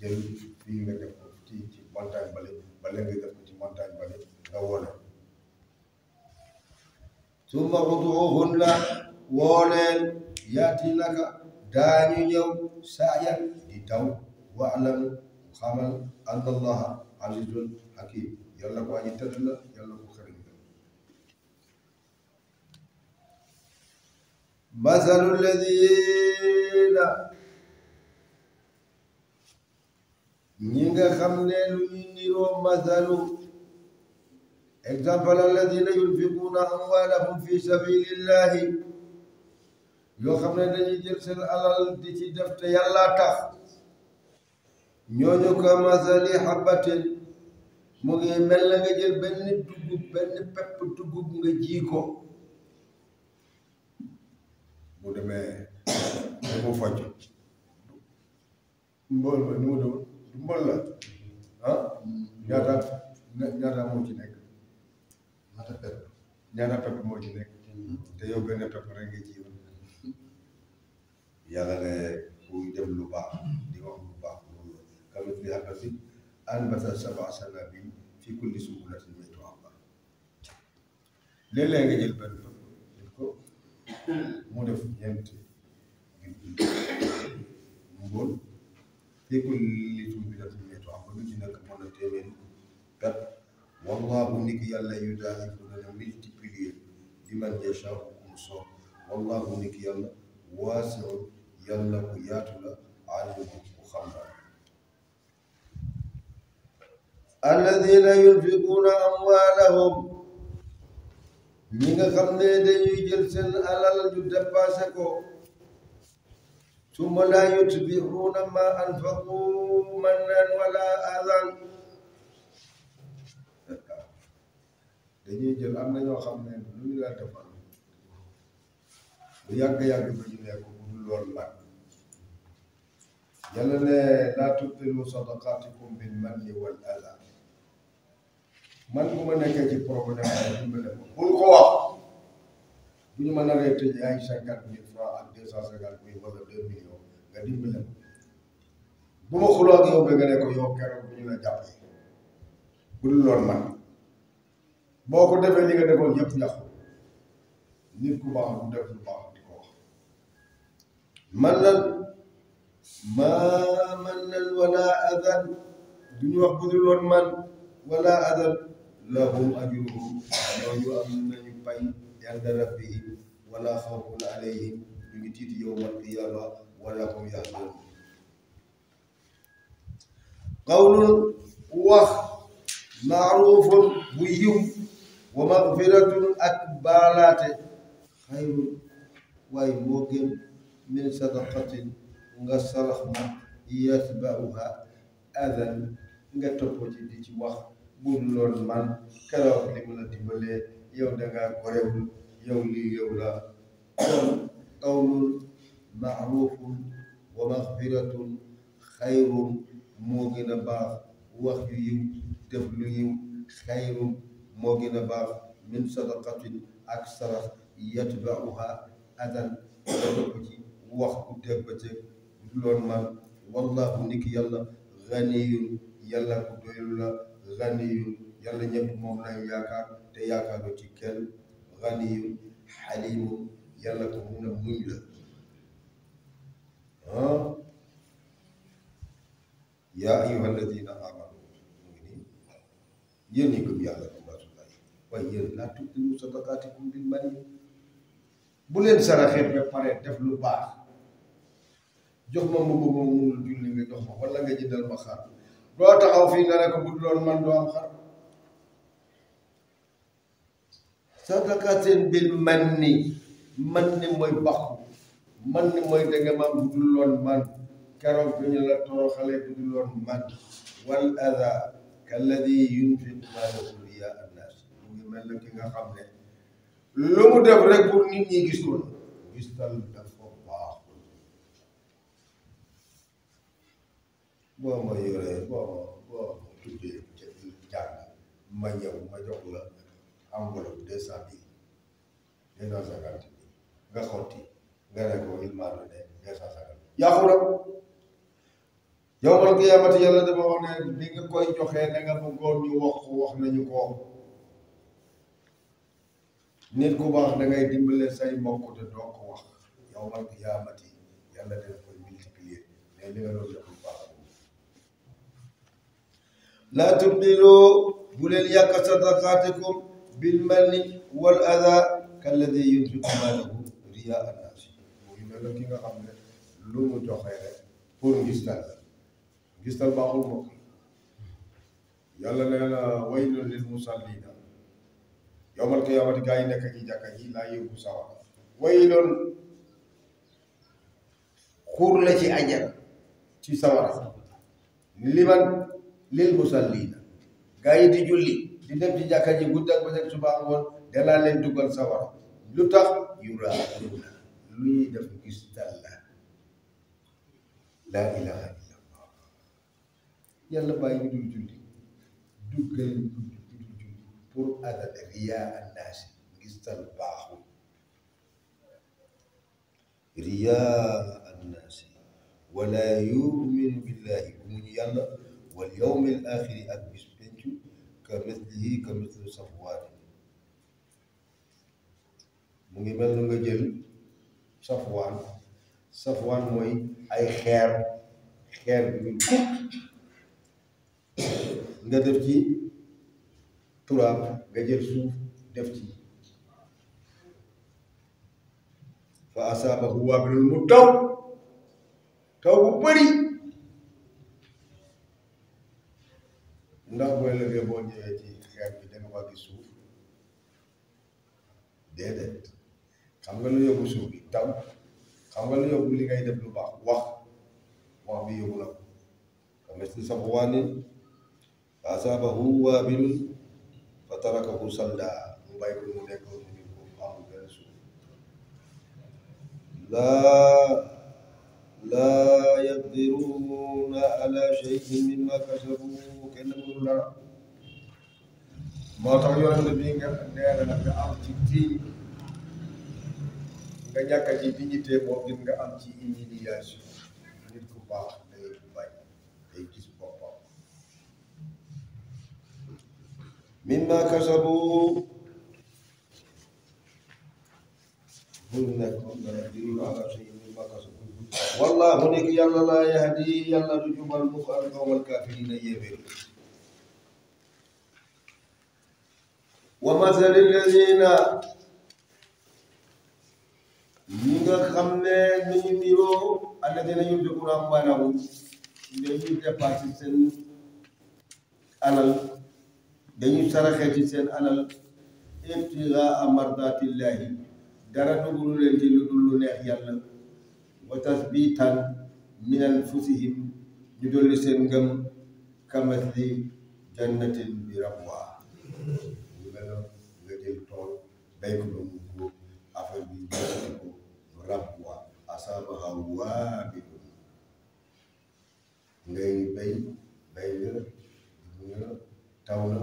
Speaker 1: jël fii nga def ko ci ci montagne bale bale nga def ko ci montagne bale nga wone summa uduuhunna wooleen yaati naka daañu ñëw saaya di taw wa alam xamal an allaha azizun hakim yàlla ko aji tëdd la yàlla ko xëriñ la masalu ladina ñi nga xam ne lu ñu niroo masalu exemple alladina yunfiquuna amwaalahum fi sabilillahi yoo xam ne dañuy jël seen alal di ci def te yàlla tax ñooñu ko masali xabatin mu ngi mel na nga jël benn dugub benn pepp dugub nga ji ko bu demee damu focc mbool ba ni mu doon mbool la ah ñaata ñaata moo ci nekk ñaata pepp ñaata pepp moo ci nekk te yow benn pepp rek nga ji yàlla ne kuy lu baax di wax lu baax loolu kàlla bi àll bi anbata sab'a sanabila fi kulli sunbulatin mi'atu habba léeg-léeg nga jël benn pepp def ko mu def ñeenti mbol. léegi li tuub bi dafa métti am ba lu ci nekk mën na téeméeri perte wallaahu niki yàlla yu daal di dana multiplier di man yashaa ku mu soob wallaahu niki yàlla waasiu yàlla ku yaatu la alimu ku xam la. alladina yunfiquuna amwaalahum ñi nga xam ne dañuy jël seen alal ko. ثم ma يتبعون ما أنفقوا منا ولا أذى dañuy jël am na ñoo xam ne lu ñu la defal bu yàgg-yàgg ba ñu nekk bu dul loolu la yàlla ne laa tubtilu sadaqaatikum bil manni wal man bu ma nekkee ci problème bu ma ne bul ko bu ñu ma naree tëj ay cinquante mille francs deux cent cinquante mille wala deux millions nga dimbale bu ma xuloo ak yow ba nga ne ko yow keroog bu ñu la jàppee bu dul loon man boo ko defee li nga defoon yëpp yàqu nit ku baax du def lu baax di ko wax man lan maa man nan wala adan du ñu wax bu dul loon man wala adan lahum ajruhum ñooñu am nañu pay yàlla rabbihim wala xawfun alayhim ñu ngi tiit yawmal qiyaama wala hum yahzanun qawlun wax maarufun baalaate xayrun waaye moo gën min sadaqatin nga sarax ma yatba'uha adan nga topp ci ci wax bu lool man keroog li mu la dimbalee yow da ngaa korewul yow lii yow قول معروف ومغفرة خير moo gën a baax wax yu yiw def lu yiw xayrum moo gën a baax min sadaqatin ak sarax yatbauha adan dëpp ci wax ku def ba ca loon man wallahu ni ki yàlla ganiyun yàlla ku doylu la ganiyun yàlla ñëpp moom lañ yaakaar te yaakaaroo ci kenn ganiyun xalimun yalla ko mun a muñ la ah Ya ayyuha alladina amanu mu ngi nii yéen ñi gëm yàlla ya gëm rasulaay waaye yéen laa tubdilu bil mani bu sara xet be pare def lu baax jox ma mu bëgg mo munul julli nga jox ma wala nga jëndal ma xaar doo taxaw fi nga rek bu doon man do am xaar sadaqatin bil manni man ni mooy bàqu man ni mooy danga maam du dul loon man keroog bi ñu la toroxalee du man wal ada kalladi yunfiq maalahu riyaa annaas mu ngi mel na ki nga ne lu mu def rek pour nit ñi gis gis tal dafa baaxul boo ma yoree boo boo ma tuddee jàng ma ñëw la enveloppe deux cent nga xotti nga ne ko yaa ko rek
Speaker 2: yow man qiyaamati
Speaker 1: dama wax ne koy joxee da nga bëggoon ñu wax wax nañu ko
Speaker 2: nit ku baax da ngay
Speaker 1: dimbale say mbokk te doo wax yow man qiyaamati yàlla dina koy multiplier mais li nga doon def lu baax laa tubdilu bu leen yàq sadaqaatikum bil manni wal riyaa annaas muy mel na ki nga xam ne lu mu joxe rek pour ngistal ngistal baaxul moom yàlla nee na waylun lil musalliina yawmal qiyaamati gaa yi nekk ci jàkka ji laa yóbbu sawar waylun xuur la ci ajal ci sawara liman lil musalliina gaa yi di julli di dem ci jàkka ji guddi ak bëccëg suba ak sawara lu yuraauna lu ñuy def gis talla laa ilaha illa allah yàlla bàyyi ñu dul julli duggal ñu dul julli pour adad riyaa annaasi gis tal baaxul riyaa annaasi wala yuminu billahi bu muñu yàlla wal yawmi al axiri ak bis pencu ka mithlihi ka mithlu safwaani mu ngi mel na nga jël safwaan safwaan mooy ay xeer xeer bi ñu nga def ci turaab nga jël suuf def ci fa asaabahu waabilun mu taw taw bu bëri ndax booy lëggee boo ñëwee ci xeer bi danga waa gis suuf déedéet xam nga lu yóbbu suuf bi daw xam nga lu yóbbu li ngay def lu baax wax wax bi yóbbu fa mislu safwaanin fa asaabahu waabilun fa tarakahu saldaa mu bàyyi ko mu nekk mu ngi ko laa laa yaqdiruuna alaa shay'in mimmaa kasabu kenn mënu dara moo tax yonent bi nee na am ci nga ñàkk ci dignité moom ngir nga am ci humiliation nit ku baax day bañ day gis boppam mimma kasabu mun na ko dara diri ala shay mimma kasabu wallahu nek yalla ya la yahdi yalla du jubal ko ومثل الذين ñi nga xam ne ni ñu niroo alladina yunfiquna amwaalahum dañuy dépassé seen alal dañuy saraxee ci seen alal ibtigaa mardatillahi dara dugulu leen ci lu dul lu neex yàlla wa tasbitan min anfusihim ñu dolli seen ngëm kamasli jannatin bi rabwa awwaabin ngay bay bay nga nga taw na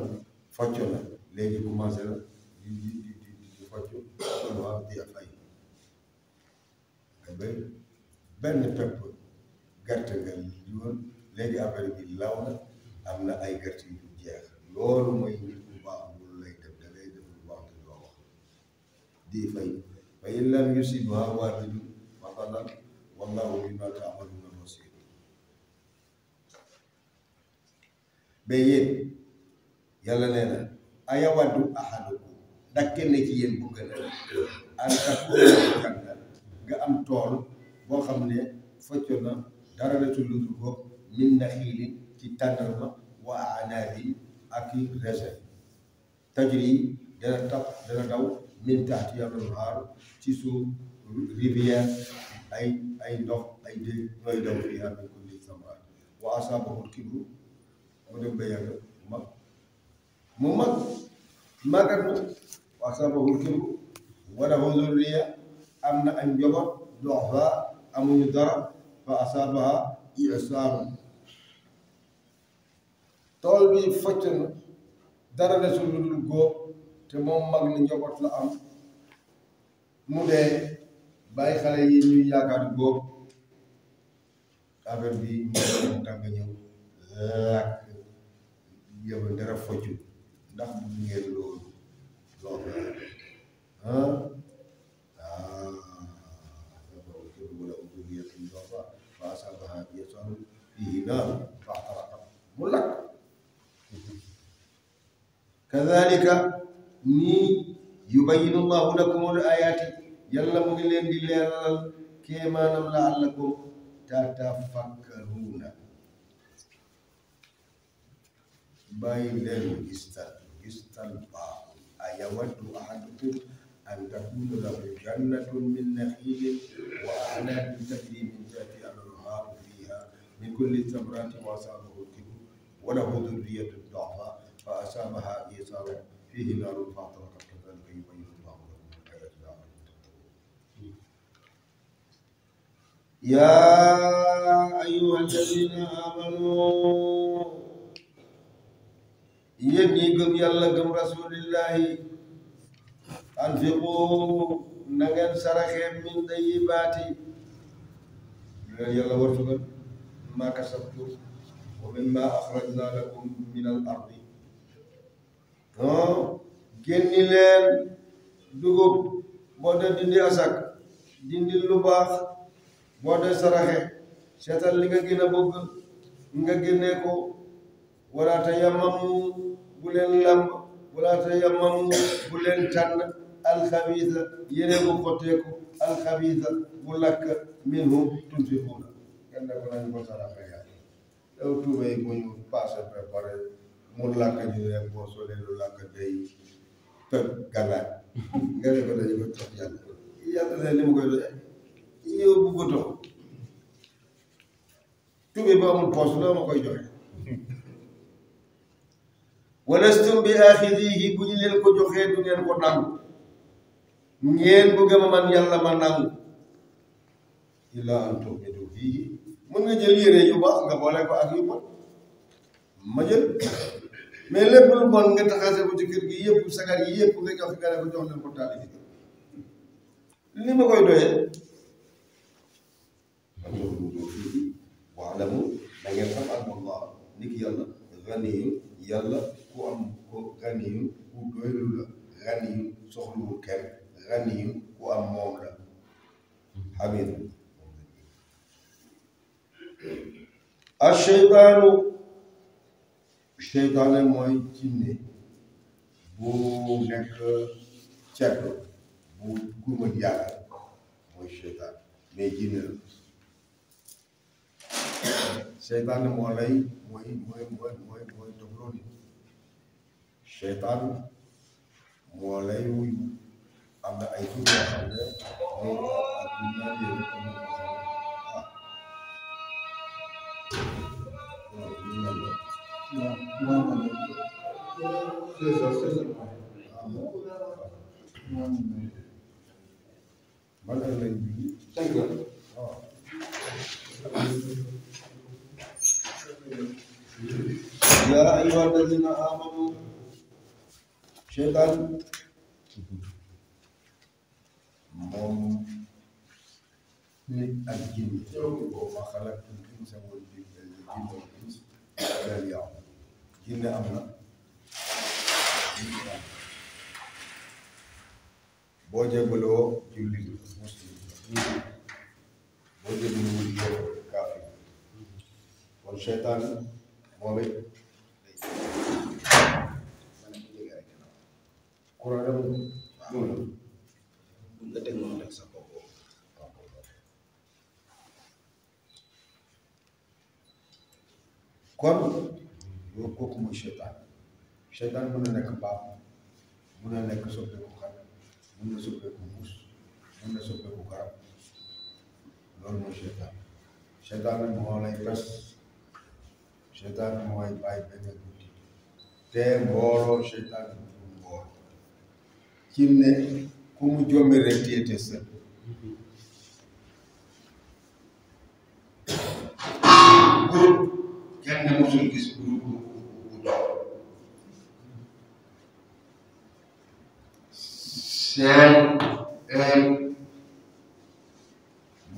Speaker 1: focc na léegi commencé na di di di di focc waaw di def ay nga bay benn pepp gerte nga jiwoon léegi affaire bi law na am na ay gerte yu jeex loolu mooy nit bu baax lay def da ngay def lu baax te doo wax di fay. fa in wallahu bima ta'maluna basir ba yéen yàlla nee na ayawaddu ahadukum ndax kenn ci yéen bëgg na an takuna nga am tool boo xam ne focco na dara la ci ludul na xiili ci tàndarma wa anaabi ak raisin tajri dana tap dana daw min taxti yàlla xaar ci suuf rivière ay ay ndox ay dég looy daw fii am ko di sambaat waa asaabahu kibru mu dem ba mu mag màggat na waa asaabahu kibru wala am na ak njaboot dox fa amuñu dara fa asaabaha i'saaru tool bi focc na dara desul lu dul te moom mag na njaboot la am mu dee ya xale yi ñuy yaakaar góob affaire bi mu tax nga ñëw laaj yow dara focc ndax bu ngeen loolu loolu ah ah mu lakk kadhalika ni yubayyinu llahu lakum al ayati yàlla mu ngi leen di leeralal kéemaanam la allakum tatafakkaruuna bàyyi leen gistal gistal baaxul ayawaddu ahadukum an takuna lahu jannatun min naxiilin wa anaabin tajri min tahtiha al-anhaaru fiiha min kulli samaratin wa asaabahu al-kibru wa lahu durriyyatun da'faa fa asaabahaa isaarun fiihi naarun faatarat يا أيها الذين آمنوا يبنيكم يلكم رسول الله أنفقوا نغن سرخي من طيباتي يلا ورفقا ما كسبتم ومما أخرجنا لكم من الأرض génni leen dugub boo def dindi asak dindi lu baax moo doy saraxe seetal li nga gën a nga génnee ko wala yamamu bu lamb wala yamamu bu leen tànn alxabiisa yére bu xotteeku bu lakk minhu tunfiquuna kenn ko nañ ko saraxe yàlla yow tuuba yi bu mu lakk ñu ne boo solee lakk day tëj gàllaay nga ne ko dañu ko jox yàlla yàlla ne li mu koy doyee yow bu guddoo ba amul poos loo ma koy walastum bi axidihi bu ñu ko joxee du ngeen ko nang. ngeen bëgg ma man yàlla ma nangu illa an tu'minu fihi mën nga jël yére yu baax nga boole ko ak yu bon ma jël mais lépp lu bon nga taxase ko ci kër gi sagar yi nga jox ko jox ko li ma koy taqulubu fiihi wa alamu na ngeen xam ak Allah ni ki yàlla ganiyun yàlla ku am ko ganiyun ku doylu la ganiyun soxluwul kenn ganiyun ku am moom la hamid asheytaanu seytaane mooy jinne bu nekk ceddo bu gurmën yàlla mooy seytaan mais jinne la Shaitan mo lay mo mo mo mo mo dobro ni. Shaitan mo lay u anda ai tu ya hande mo aduna ni ko mo
Speaker 2: No, no, no. Yes, yes, yes. Amen. Amen.
Speaker 1: Amen. Amen. Cheikhan moom nit ak jinne boo ma xalaat tuuti sa wol bi jinne jinne am na boo jébaloo jullit muslim boo jébaloo wul yow kaafir kon Cheikhan moom it warul loolu kooku mooy seytaan seytaan mën na nekk mbaam mën na nekk soppeeku xar mën na soppeeku muus mën na soppeeku garab loolu mooy seytaan seytaan nag moo lay tas seytaan mooy bàyyi benn guddi te mbooloo seytaan du mbooloo ci ne ku mu jommi rek téete sa kenn mosul gis
Speaker 2: bu bu bu dox seen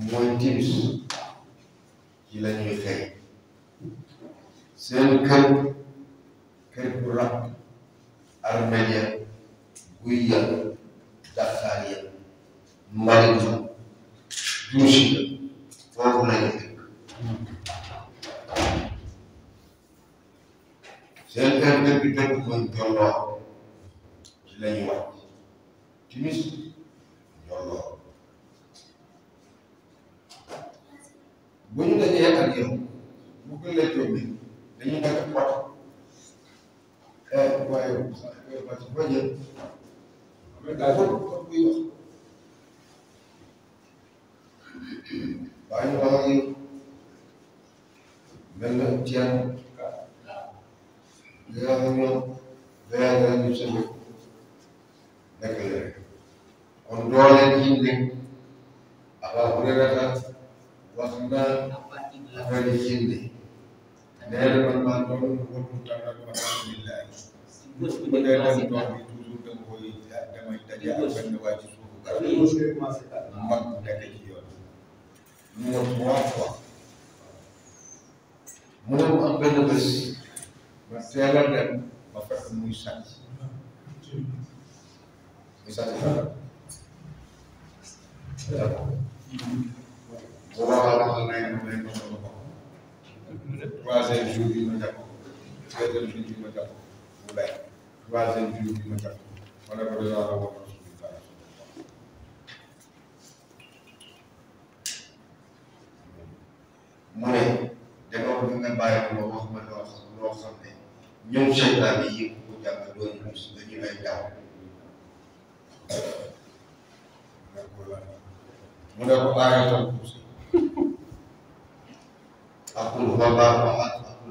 Speaker 1: mooy timis ci la ñuy xëy seen kër kër bu rab arménia guy yëpp daxaar yëpp mbalit douche foofu la ñu
Speaker 2: seen heure dëgg dëgg mooy njolloo ci la ñuy wax timis njolloo
Speaker 1: bu ñu dajee ak yow bu gën la jóg bi dañuy def pot eh, waaye pot ba jël pot buy wax baa ñu wax ak yow mel na li nga ne doyal na ñu sëñ nekk la kon doole ji ne Abu Hurayrata wax na affaire yi jinde
Speaker 2: nee na man maa doon wóorul tamit ak maanaam alhamdulilah bu dee dem
Speaker 1: tool bi toujours da nga koy damay mag bu nekk ci yoon mu ne trois fois mu ne mu am benn ma teel a dem ma fekk muy sàcc muy sàcc dara bu boobaa wax na ne ma nekk sama bopp troisième jour bi ma jàpp deuxième jour bi ma jàpp bu lay troisième jour bi ma jàpp ma ne ko dèjà la wax mu ne te loolu dina bàyyi ko wax ma loo xam loo xam ne ñoom seytaane yi yëpp ko jàng doon mus dañu lay daw mu ne ko aayatal kursi aqul huwallahu ahad aqul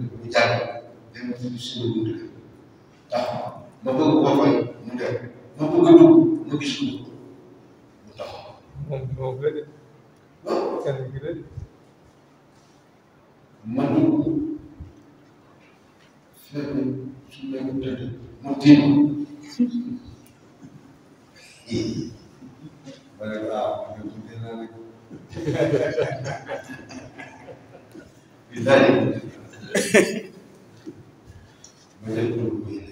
Speaker 1: bu jàll dem ci suñu buntu bi ndax ma bëgg koo fay mu dem ma bëgg a dugg ma gis ko mu
Speaker 2: tax. ma dugg fekk
Speaker 1: suñu nekk tëdd mu tiim ma ne waaw ah, yow tuddee naa ne. mother who took you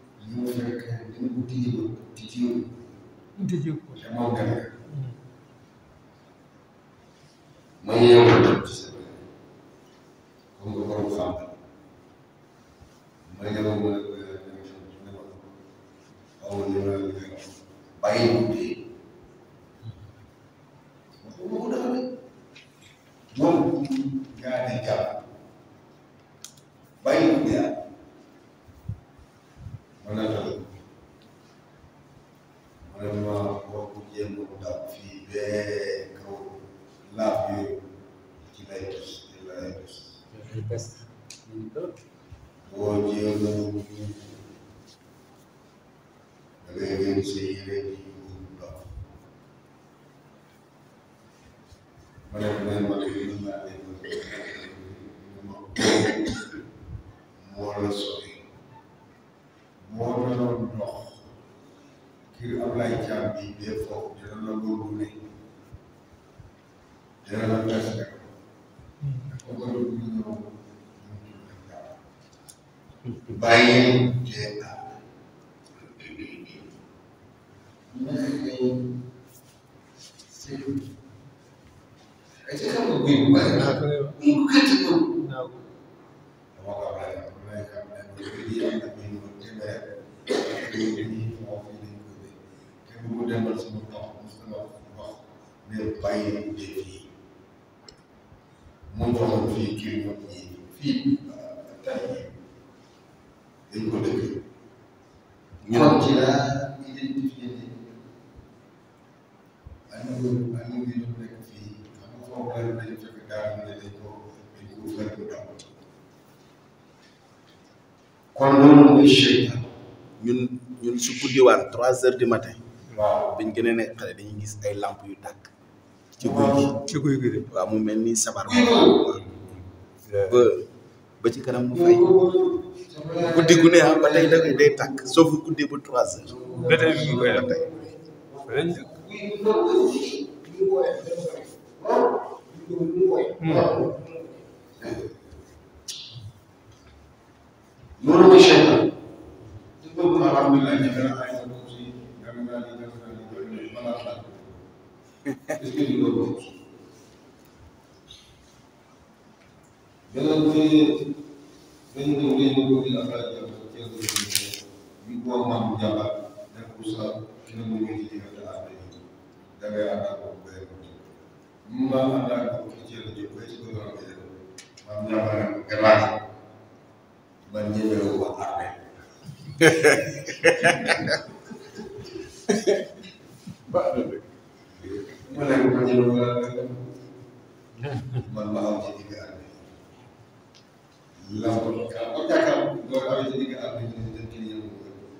Speaker 1: were a good deal, did you? te jéem ko. te moom gën a. ma yeewoo dem ci sa benn comme que borom fàmm ma yeewoo ma ne ko ne ko xaw ma ne ma ne ko bàyyi mu dee ma ko ma ko dafa ne moom gaa di jàpp bàyyi mu dee
Speaker 2: vraiment
Speaker 1: boo ko jéem a dàq fii ba kaw laaf yooyu ci lay gis ci lay
Speaker 2: gis. boo jéem a dugg da ngay gën sa yére ji ndox
Speaker 1: ma ne ma ne ma ne ma ne moo la sori moo la ndox. ngir ablaye jaam bi dee foofu dina la loolu ne dina la tasbe ko ko lu ñu ñoo bàyyi jee
Speaker 2: Thank
Speaker 1: you. dendal sama ndox mos na wax wax ne bàyyi dee fii moo joxoon fii kii
Speaker 2: moom ñii fii tay dañ ko dëkk ñoom ci laa identifié ne am na am na ñu
Speaker 1: nekk fii xam nga foo bëri dañ fekk daal ne dañ ko dañ ko fekk mu daw kon loolu mooy cheytaan ñun ñun su guddiwaan trois heures du matin waaw biñ gën a nekk gis ay lamp yu tàkk. ci guy gi guy gi de. waaw mel ni sabar ba ba ci kanam mu fay. guddi gu ne ah ba day tàkk sauf guddi ba trois heures.
Speaker 2: ba tey bi mu koy def est-ce bi dañu
Speaker 1: ne wéy na ko di affaire yi ak ceeb bi ñu ko maam jàpp def ko mu ngi ci diggante ànd yi ko doon bi def maam jàpp rek élargi man ñëwee wu ko ànd
Speaker 2: ba mu nekk ko ñu ne man ma am ci digg àll bi. la ko jàkkaarloo ko jàkkaarloo boo amee ci digg àll bi ñu ne kii yëngu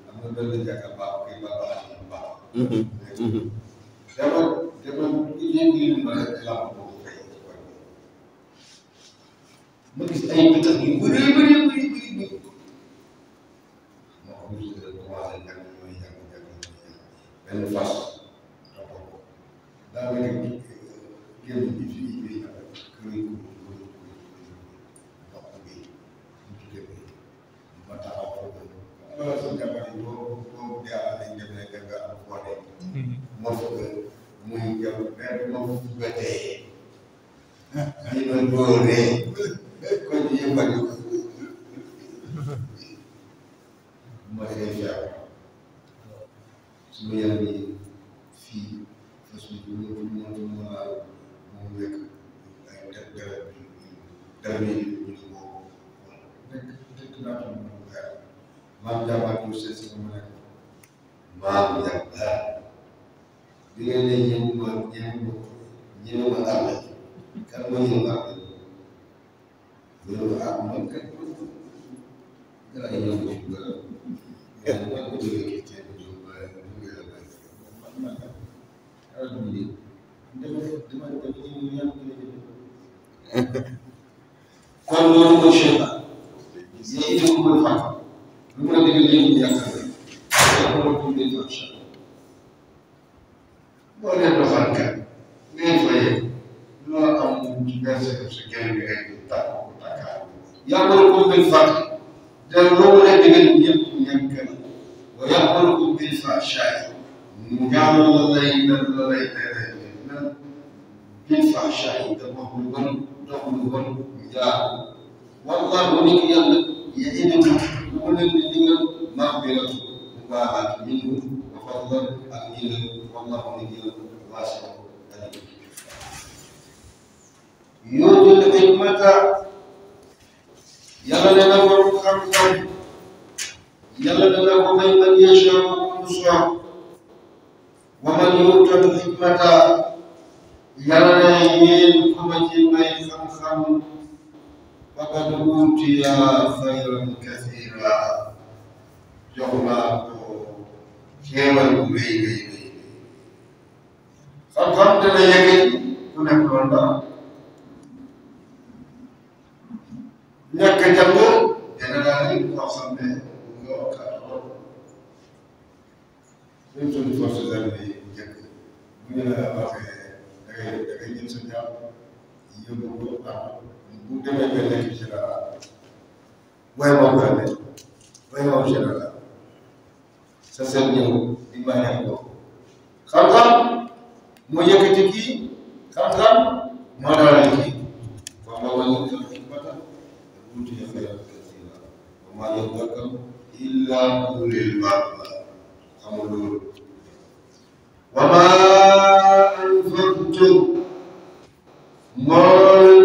Speaker 2: am na benn jàkkaar baax kii baax baax kii baax.
Speaker 1: demoon demoon yëngu yi ma rek laa ko bokk fay ci koñ bi.
Speaker 2: ma gis ay bëtëx yu bëree bëree bëri bëri
Speaker 1: bëri. ma ko gis
Speaker 2: commencé jàng ñooy jàng jàng
Speaker 1: benn fas. daa mel ni génn bi fi ñuy ñëw kër yi ko ndox bi ñu tuddee ko ba taxaw ko loolu suñu jabar yi boo boo jaaxal dañ
Speaker 2: dem rek nga am boole. moom ko
Speaker 1: muy jàpp benn moom ba tey ñu doon booree kon ñu yëmbali ko mooy les gens suñu yàlla maam jàmbaat yu seen si mu ne maam jàmbaat bi ngeen ne ñëw ma ñëw
Speaker 2: ñëw ma àll
Speaker 1: kan ma ñëw àll
Speaker 2: ñëw ma àll man kat dara ñëw ma ci dara ngeen ma ko jóge kii tey bu ñëw ma jóge la may man man dara du mu lii dama dama dama ñëw ñaan ko kon loolu ko
Speaker 1: Cheikh yéen it ko mën a fàttali lu mën a dégg léegi ñu yàq la loolu moom dañ ko am changement boo nee doxalkat ngay fayee loo am versé ko sa keneen bi rek tàkk ko tàkkaar yàqalagum bil faq te loolu lay dégg
Speaker 2: ñëpp ñëpp
Speaker 1: kenn wa yàqalagum bil fahshaay ñaaw la lay la la lay tere na bil fahshaay da wax lu bon dox lu bon jaar wallaahu ni ki yàlla yéen a دون الذين مغفرة مباحة منه وفضلا أمينا والله مدير واسع عليم يؤتي الحكمة
Speaker 2: يلا له خمسا
Speaker 1: يلا له من يشاء خمسا ومن يؤتى الحكمة يلا لنا يين كما جمعين خمسا faqad uutiya xayran kasiira
Speaker 2: jox naa ko
Speaker 1: xéewal bu wéy wéy wéy xam-xam dana yëkkati ku nekk loolu dara ñàkk jàng dana daal di koo xam ne bu nga waxtaan
Speaker 2: lool même suñu force d'armée yi njëkk bu ñu la waxee da ngay da ngay jël sa jàpp yóbbu ko bu demee ba
Speaker 1: nekk général booy moom gànne booy moom général sa seet ñëw di bàyyi ko xam-xam mu yëkkati kii xam-xam moo dalal kii wax nga wàññi ko xikmata buntu ya xayran kasira wa maa yadhakkar illa ulul albab xamul loolu wa maa
Speaker 2: anfaqtum moo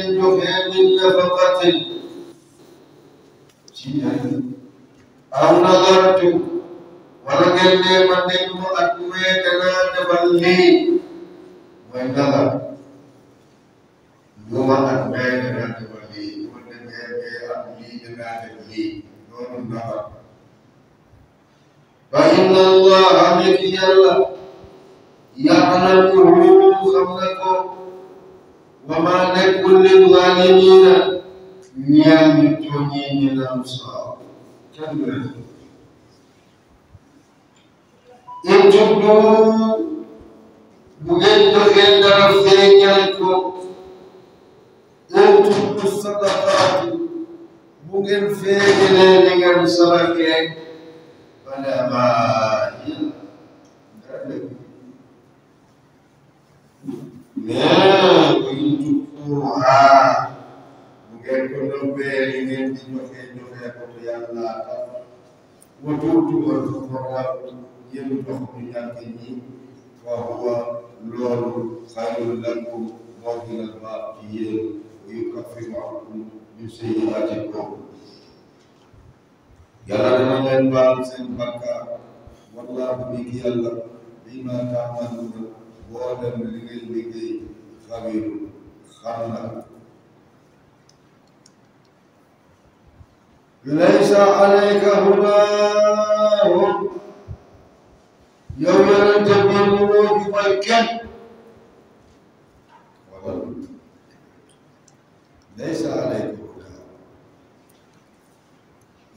Speaker 2: جهال نفقة أو نظرت
Speaker 1: ولكن من أتميت ناتبني وإن نظر يوم أتميت ناتبني
Speaker 2: وإن أتميت ناتبني نور النظر فإن الله بك يلا يعلمه خمسكم
Speaker 1: wama nekkul lil zaalimiina ñeel ñu tooñi ñi lam soow kenn du leen in bu ngeen joxee dara
Speaker 2: feeñal ko in tubdu sadaqaati bu ngeen feeñalee li ngeen sarakee
Speaker 1: wala maa mais turuha bu ngeen ko nëbbee li ngeen di joxe joxe ko te yàlla tax
Speaker 2: wa tuutu wal
Speaker 1: fuqara yéen jox ko ñàkk ñi wa huwa loolu xayrun lakum moo gën a baax ci yéen yukaffiru ankum min sayyi'aatikum yàlla dana leen baal seen bàkkaar wallaahu mi ngi yàlla bi ma taamaluuna boo dem li ngeen liggéey xabiru قبل ليس عليك
Speaker 2: هداهم يوم أنت بالروح والكم
Speaker 1: ليس عليك هداهم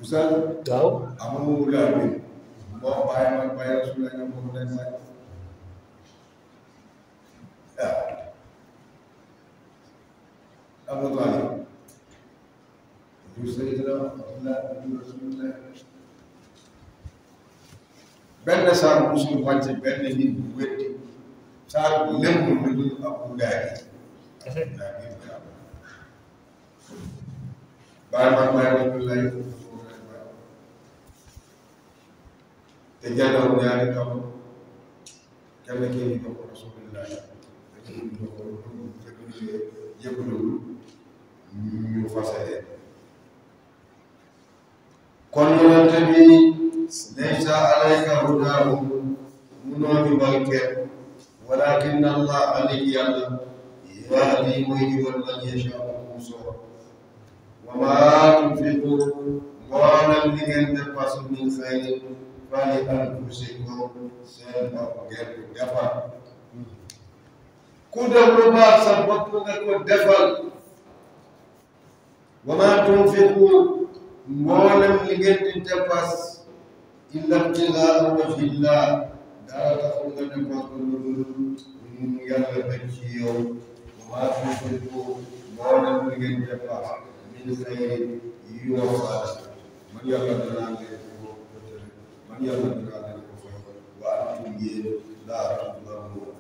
Speaker 1: مثال داو أمو لابي Bawa bayar, bayar sulanya, bawa bayar. Ya, أبو طالب يجوز سيدنا عبد الله يجوز رسول الله benn saar musul wàcc benn nit bu wétti saar bu lëmm lu dul Abdoulaye baal ma baal ma ñu lay te jàllaw ñaari taw kenn kii ñu jox ko rasulillah te ñu jox ko yëpp ñu fase leen kon yonente bi
Speaker 2: laysa alayka hudaahum
Speaker 1: munoo jubal kenn walakin allah alik yàlla yahdi mooy jubal man yashaa'u mu soob wa maa tunfiqu mboolam li ngeen dépasse min xayrin fa li anfusikum seen bopp ngeen ko defal ku def lu baax sa nga ko defal wa maa tunfiqu mboolem li ngeen di dépasse illa ibtigaa wajhillah dara taxul nga dépasse ko lu dul yàlla bëgg ci yow wa maa tunfiqu mboolem li ngeen di dépasse min xayrin yuwafaa man yàlla danaa leen ko
Speaker 2: man yàlla danaa
Speaker 1: leen ko fay wa antum yéen laa tuzlamuun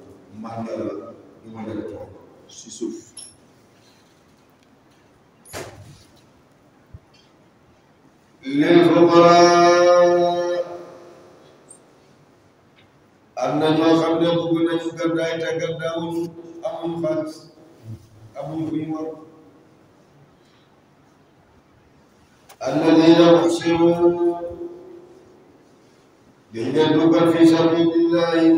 Speaker 1: man yàlla du ma leen toog si suuf للفقراء am na ñoo xam ne bëgg nañu gàddaay te gàddaawuñu amuñu xaalis amuñu fu ñu war am na ñi na usiru
Speaker 2: dañ leen dugal fi
Speaker 1: sabilillahi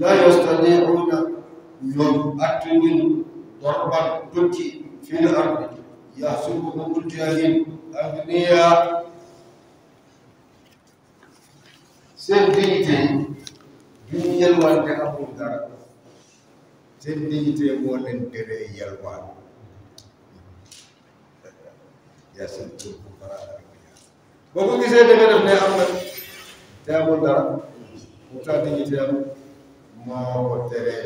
Speaker 1: la yastatiuuna ñoom attuñu dorban tukki fi l ardi يحسبهم الجاهل أغنياء seen dignité duñ yalwaan te amul dara seen dignité moo leen teree yalwaan yaa seen tur bu faral boo ko gisee da nga def ne am na te amul dara pourtant dignité moo ko teree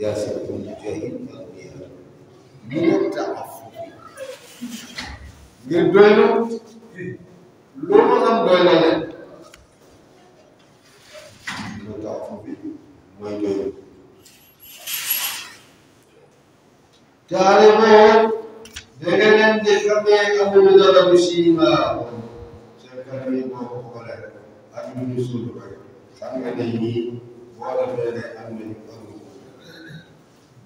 Speaker 1: ياسر بن جاهل الأنبياء
Speaker 2: من التعفف
Speaker 1: ngir doylu lu mu am doy na leen lu tàffu bi mooy doylu taalibe da nga leen di xamee amul dara bu siimaa seen kanam yi boo ko xoolee ak lu ñu suul rek xam nga ne nii boo defee ne am nañu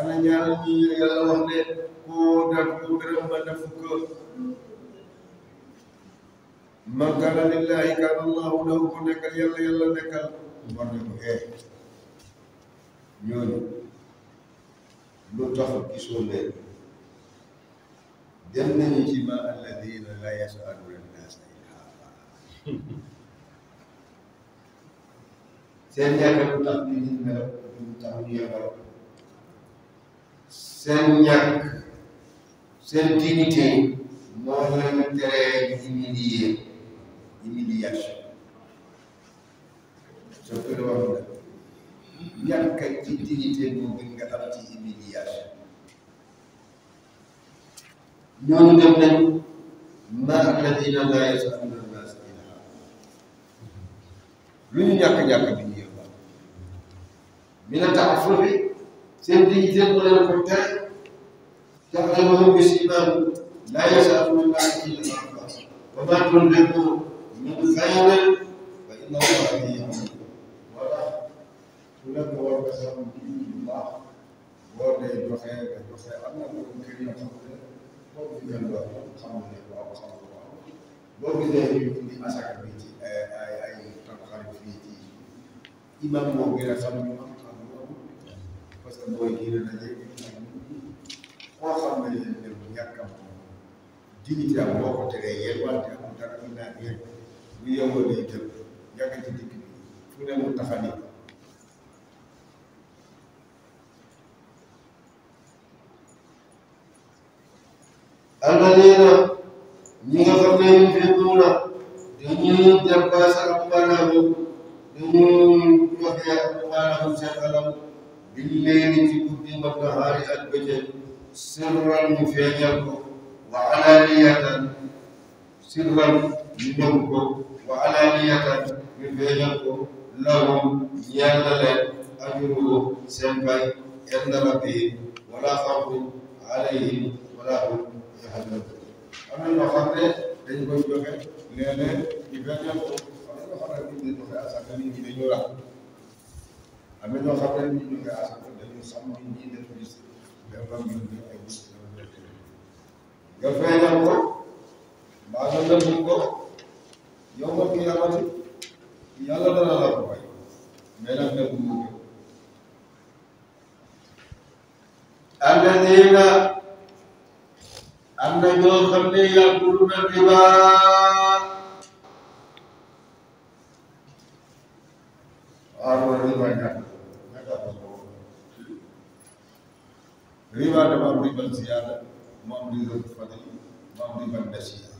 Speaker 1: ana ñaan ñi yàlla wax ne ku def ku gërëm ba def ko man kaana lillahi kaana allahu lahu ku nekkal yàlla nekkal war na ko lu tax gisoo leen dem nañu ci ma alladina la yasaluna nnaasa ilhafa seen ñàkk lu tax ñu melaw lu tax ñu seen ñàkk seen dignité moom lañu teree humilier humiliation soo ko doon wax ñàkk ci dignité moo gën nga am ci humiliation
Speaker 2: ñooñu dem nañ
Speaker 1: maa alladina laa yasaluuna naas ilhaa lu ñu ñàkk ñàkk bi ñu yëg min a taxafu bi seen dignité mu leen koy tere te vraiment mu gis imaam laa yasaafu min baatihi ilaa wa maa tunfiqu
Speaker 2: min xayrin fa inna allaha bihi aliim voilà
Speaker 1: ku nekk war nga xam diine bu baax boo dee doxee nga doxee am na loo kër yoo xam ne boo gën a xam ne waaw xam nga waaw boo gisee ñu indi asaka bi ci ay ay ay tànqal fii ci imam moo gën a xam ñu am mooy diine daje koo xam ne leen bu ñàkk am dignité am boo ko tegee yéen wante amul dara ñu naan yéen bu yeewoo day jël yàgg ci digg bi fu ne mu taxani alladina ñi nga xam ne ñu fi duuna dañuy jàppaas ak
Speaker 2: maanaam dañuy
Speaker 1: waxee ak maanaam seen alal بالليل في كل البجل سرا مفيجك وعلانية سرا منك وعلانية مفيجك لهم يالله أجره سنبي عند به ولا خوف عليهم ولا هم يحزنون أمن وخطئ تجب أن يكون لأنه يفيجك أمن وخطئ تجب أن يكون am na ñoo xam ne nit ñi nga xam xam ne ñii def gis nga mën ñu ne ay gis nga feeñal ko mbaa nga nëbbul ko yow ma ko yamati yàlla dana la ko bay mais nag nëbbul mu ko am am na ñoo
Speaker 2: xam ne yàggul na ribaa
Speaker 1: اور وہ نہیں riba dafa am ribal ziyaada mu am ribal fadli mu am ribal nasiya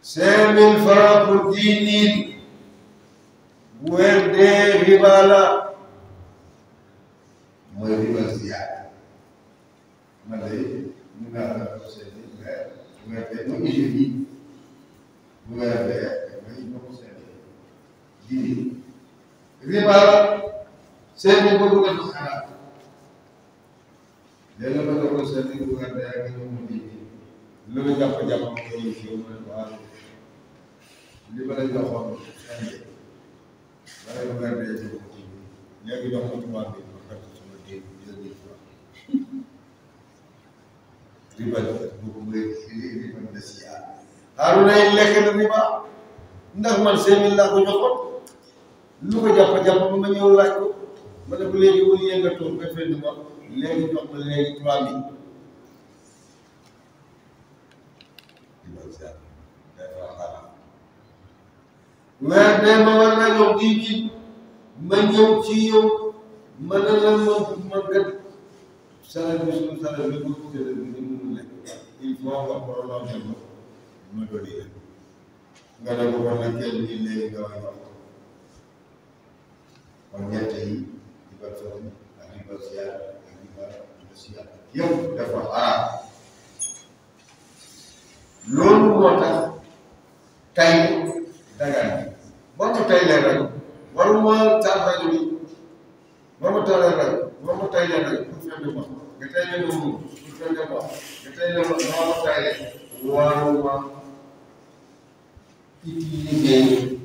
Speaker 1: cinq mille francs pour dix mille bu weer dee riba la mooy ribal ziyaada man de ñu naan la ko seen i weer weer dee mu ngi jeudi bu weer dee may ñu ko seen i dix mille riba la seen
Speaker 2: i bëgg nga ñu xalaat
Speaker 1: yàlla mën na ko seetlu bu nga dee ak ñoom mu lu mu jàpp jàpp ko yi ci mu ne waaw li ma la joxoon xëy na nga dee ci léegi jox ko tubaab bi ma fekk sama déet di la déet quoi riba la bu ko riba la si yaar Haruna yi lekk na riba ndax man seen mille ko joxoon lu ko jàpp ma ko ma ne ko fenn léegi jox ma léegi trois mille weer dee ma war na yow kii bi ma ñëw ci yow ma ne la ma ma gët salaire bi suñu salaire bi bu tëddee bi ñu mun lekk il faut nga prolonger ma ma doon yéen nga ne ko war na kenn nii léegi nga war a wax kon ñett yi di ko toog ak di ko siyaar yëpp dafa araam loolu moo tax tay dagan boo ko taylee rek waruma taal rajo bi boo ko taalee rek boo ko taylee rek pour fekk ma nga taylee ma mu pour fekk ma nga taylee ma noo ma taylee waruma
Speaker 2: it liggéey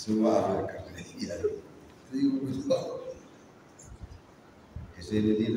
Speaker 1: Semua Afrika Malaysia. Itu. Jadi dia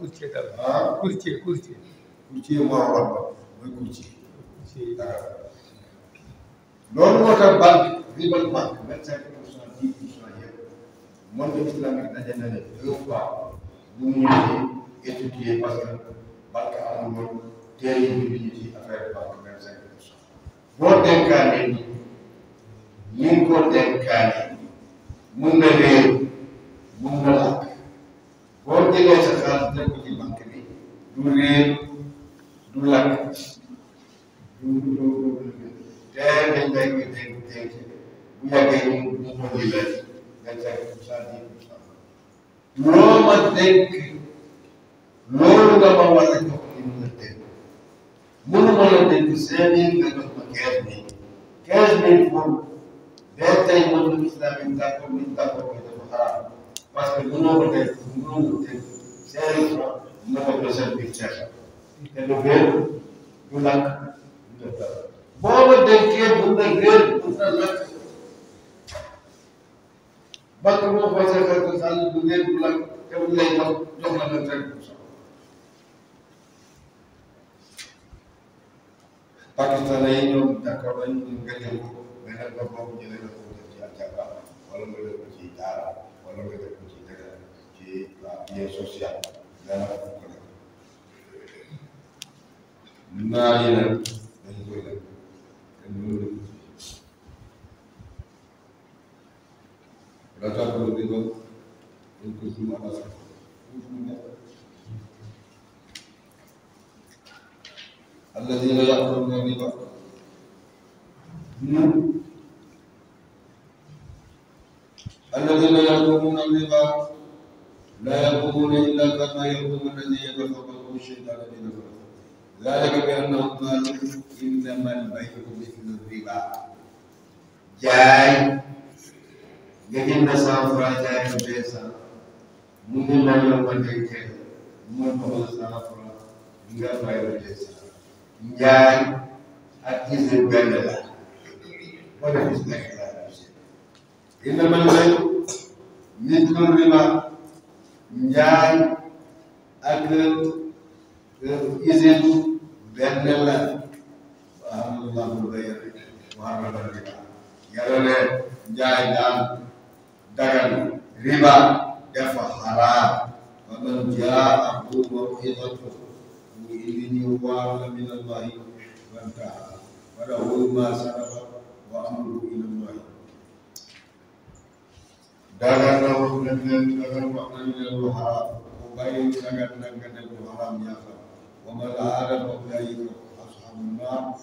Speaker 1: courtier dal courtier ah? courtier courtier moo war mooy courtier ah. loolu moo tax banque rival banque vingt cinq pour cent dix pour cent yëpp monde islamique daje na ne deux fois bu mu étudier parce que banque amul woon teel yi ñu ngi ci affaire banque vingt cinq pour cent boo dénkaanee ñu ngi ko dénkaanee mun na réer làkk du du du te dañ koy dégg dégg bu yàggee ñu ñu ko di leen vingt-cinq pour cent dix pour cent loo ma dégg loolu nga ma war a jox li mu la dégg mënu ma la dégg cinq mille nga jox ma quinze mille quinze mille pour benn tey mën na islam yi d'accord ni d'accord bi dafa xaraam parce que mënoo ko dégg mënoo ko dégg cinq mille francs nga ko jox seen biir te lu wér lu lakk lu def booba dencee bu na wér bu na lakk banque boo xoolee fekk sàll bu wér bu lakk te mu lay jox jox la vingt cinq pour cent Pakistan yi ñoom d'accord nañ nga jël ko mais nag ba boobu jëlee na ko def ci aljaga wala nga def ko ci daara wala nga def ko ci dëgg ci waa bien social dana
Speaker 2: ما مالنا
Speaker 1: لا تقولوا بما إن كنتم على الذين يأكلون الربا نعم.
Speaker 2: الذين يأكلون
Speaker 1: الربا
Speaker 2: لا يقومون إلا
Speaker 1: كما يقوم الذي يتخبطه الشيطان من الربا
Speaker 2: ذلك بأن الظالم
Speaker 1: إنما البيع مثل الربا jaay nga jënd cent franc jaay ko deux cent mu ngi la yomba dencal mu ngi cent franc nga fay ko deux cent njaay ak gis benn la wala gis nekk la ina man lay nit lu riba njaay ak usine ಬೆನ್ನೆಲ್ಲ ಅಲ್ಲ ಹೃದಯ ಮಹಾರಾಜ ಎರಡನೇ ಜಾಯ್ದಾನ್ دغل ربا دف حرام ومن جاءه موعظته من إذن وعظ من الله وانتهى وله ما سلف وأمره إلى الله دغل وحنا دغل وحنا الحرام وبين دغل دغل الحرام يا خبر وما العالم أولئك أصحاب النار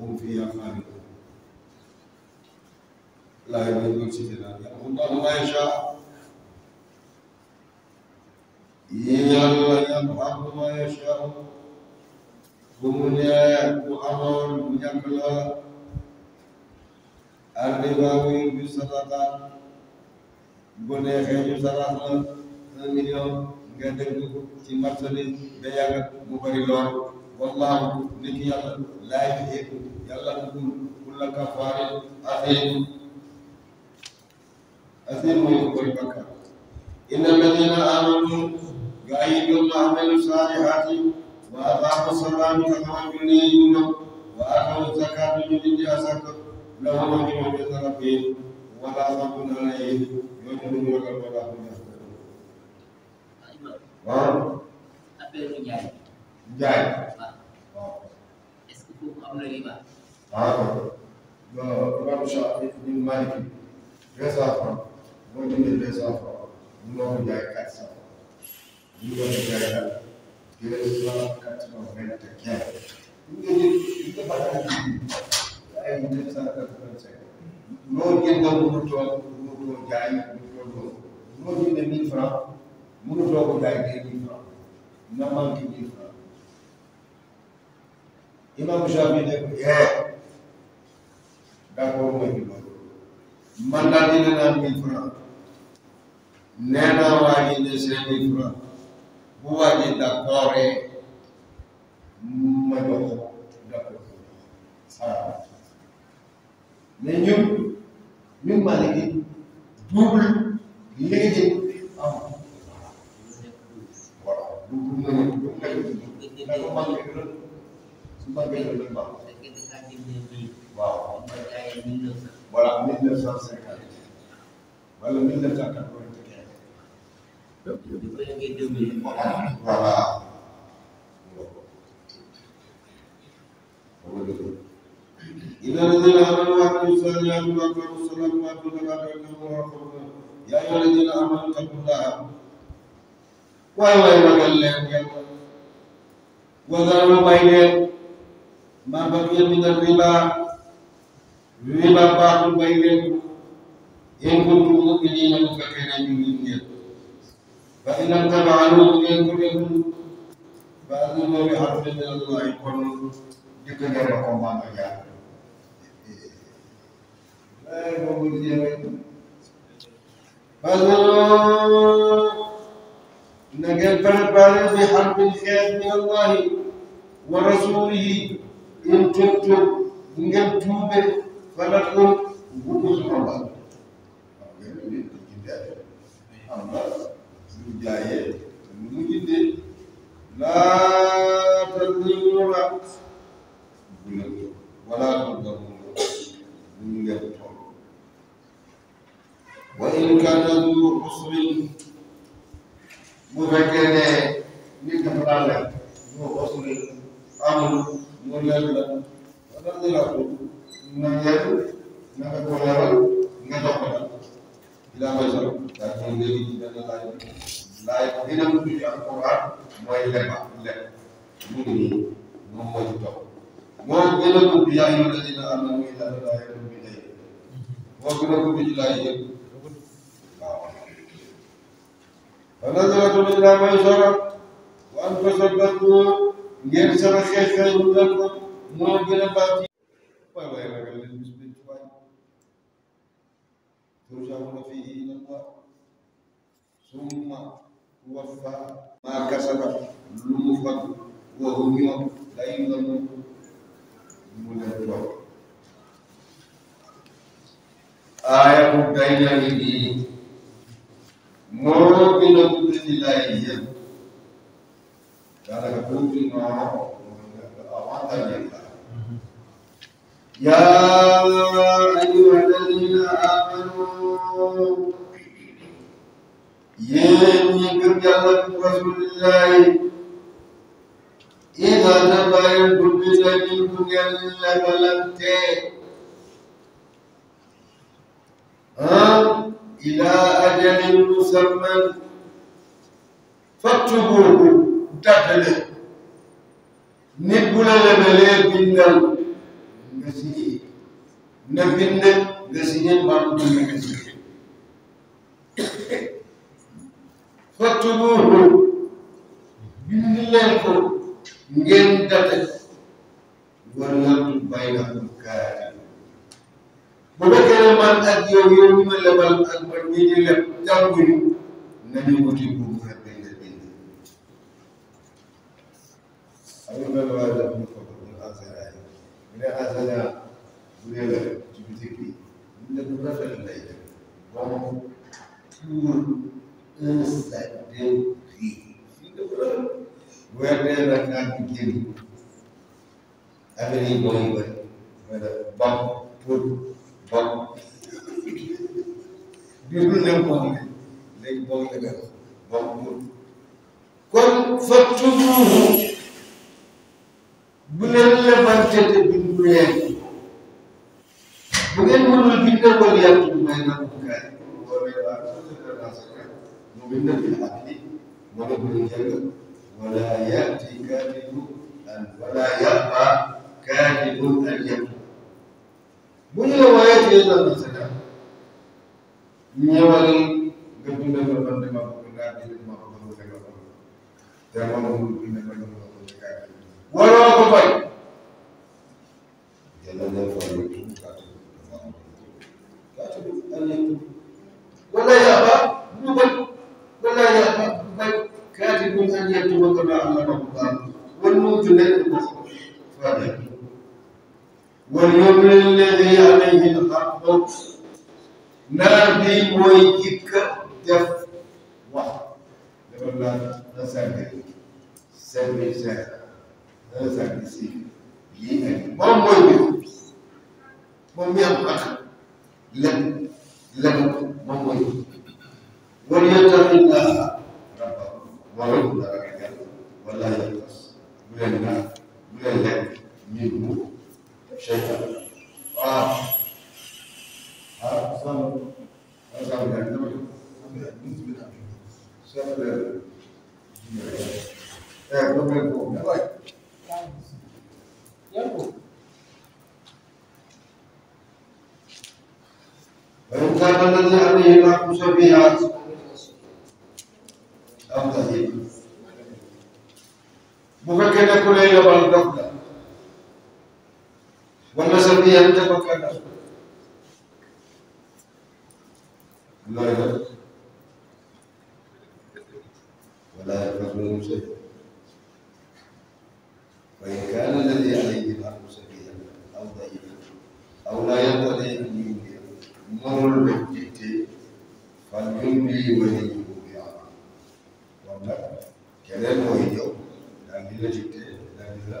Speaker 1: هم فيها خالدون لا يبلغون سيدنا الله ما يشاء ينفعه ما يشاء Kemudian Muhammad punya kelah Al-Bawi Bisaratan Bunyi Khayu Sarahlah Al-Milyon nga dëgg ci marchandise nga yàgg mu bëri lool wallaahu nit yàlla laay yéegu yàlla dugul ku la kafaare asiim asiim mooy koy
Speaker 2: bakka inna alladina amanu
Speaker 1: ga yi gëm na amelu saalihaati wa ataamu salaami ka xamal julli ñu ma wa atawu zakaatu ñu dindi asaka lahum ajruhum inda rabbihim wala xawfun alayhim ñooñu duñu ragal wala waaw. affaire bi njaay. njaay.
Speaker 2: waaw. est-ce que foofu am na riba.
Speaker 1: waaw. non imam Shafi bin Malik deux cent francs boo jëndee deux cent francs mënoo ko jaay quatre cent francs mënoo ko jaay daal deux cent quatre-vingt et quinze. bu ñu jëlee bu ñu ay deux cent quatre-vingt-cinq loo jëndee mënutoo mënutoo jaay mënutoo mënoo jëndee mille francs mënu doo ko jaay tey mille franc nga manqué mille franc imam Shafi ne ko eh d'accord mooy bi loolu man daal dina naan mille franc nee naa waa ji ne cinq mille franc bu waa ji d'accord eh, ma jox ko d'accord
Speaker 2: ah mais ñun ñun maa ngi double léegi
Speaker 1: Wow. Voilà, 1950. Voilà, 1995. Voilà.
Speaker 2: إذا الذين آمنوا
Speaker 1: وعملوا الصالحات وأقاموا الصلاة وآتوا الزكاة وإنهم يا أيها الذين آمنوا اتقوا الله
Speaker 2: waay waay ragal leen
Speaker 1: yàlla wadaru bay leen maa baqiya min ar-riba riba baaxul bay leen in kuntum
Speaker 2: mu'miniina bu fekkee ne ñu ngi ngeen fa in lam taf'alu bu
Speaker 1: ngeen ko deful fa adunu bi harbin min allahi kon dikk ngeen ba combat ak yàlla waaye boobu jéem a إن قلبنا في بحرب الخير من الله ورسوله إن تبتم إن قد توبة فلكم وقوز رمضان لا ولا وإن كان ذو حسن bu fekkee ne nit dafa daan lekk mu osule amul mu lekk la wala mu la ko na lekk na nga ko leeral nga jox ko la
Speaker 2: dinaa koy sol daa ñëw léegi
Speaker 1: benn laaj laaj dina mu tudd alquran mooy lekk lekk mu ngi nii moom moo ci topp moo gën a gudd yaa ngi la dina am na muy daal laaj bi day moo gën a gudd ci laaj yëpp فنظرة إلى ميسرة وأن تصدقوا ngeen sama xeex xeex bu dal ko moo gën a baax ci waay waay ragal leen bis biñ ci waay turjauna fihi ila Allah summa tuwaffa maa kasaba lu mu fag wa hum ñoom day nganu mu leen toog aaya bu day na ngi nii يا
Speaker 2: أيها الذين آمنوا يمن يكرد الله رسول الله
Speaker 1: إذا نبايا الدنيا منكم يا الله فلم تكن إلى أجل مسمى فاكتبوه دقله نبلا لبلي بندل نسيه نبند نسيه ما نبند نسيه فاكتبوه بندلكم ngeen date war na bàyyi na ko kaay bu fekkee man ak yow yow ñu ma lebal ak man ñi di leb jànguñu nañu wuti buum nga bind bind. am na benn waay daf ñu ko ñu enseignant yi bu dee enseignant bu dee la ci bitik bi ñu ne bu rafet lay def ba mu pour un sac de riz. bu weer dee nag nga am génn affaire yi boo yi bëri nga def bam pour. bon biir lu nekk moo xam ne léegi bon la gën bon bu
Speaker 2: kon fa tuuti bu leen lebante te bindu leen bu ngeen mënul bindal ko yàlla may na ko kaay
Speaker 1: mu bind bi ak bi wala bu ñu jël
Speaker 2: wala yaati
Speaker 1: kaadibu an wala yaba kaadibu an yabdu
Speaker 2: bu ñu la wooyee ci doon sa dara
Speaker 1: ñëwal nga dundal ko doon dama ko laa di ma ko ko te ko te ma ko dundal ko ma ko te ka waroo ko fay yàlla
Speaker 2: na fa ñu tuub ka tuub ka tuub yàlla tuub wala
Speaker 1: yàlla du bañ wala yàlla du bañ kaati bu ñu ñett ma ko la am na ko ba wala mu tudd ko ko fa واليمن الذي عليه الحق نادي ويكك دف واحد لولا نساك سامي سامي نساك سي لي ما مويك ما ميحق لم لم ما ويكك وليتق الله ربه ولو ولا يقص من النار من اللعب منه شيئا آه ها صار صار يعني صار ايه نقول لكم طيب يلا
Speaker 2: وإن كان الذي عليه معكم شبيها أو
Speaker 1: كثيرا مفكر كل يوم الدخلة wala sa biir yàlla defal ko dara loolu la wala wax nga mu sëñ waaye kaan la ne yàlla yi baax mu sëñ yàlla aw day aw laa yàlla day ñu ngi mënul la jiite fan ñu ngi wane ñu ko yàlla kon nag keneen mooy ñëw daal di la jiite daal di la.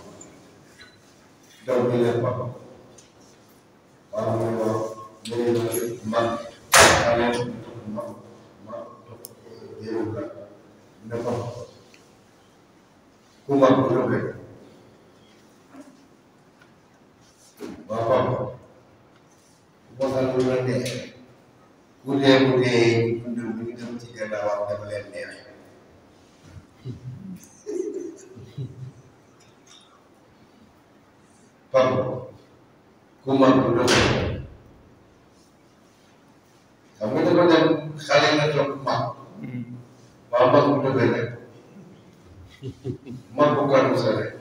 Speaker 1: daw bi leen papa
Speaker 2: waaw mooy waaw léegi nag man maa leen topp ma ma topp yow la ne papa
Speaker 1: ku ma ko rek waaw papa waxal lu la neex
Speaker 2: ku dee ku dee ñu dem ci gannaawam dama leen neex pagkumagulo.
Speaker 1: Kamu itu kan yang saling ngejokmak, mama udah banyak. Mak bukan misalnya.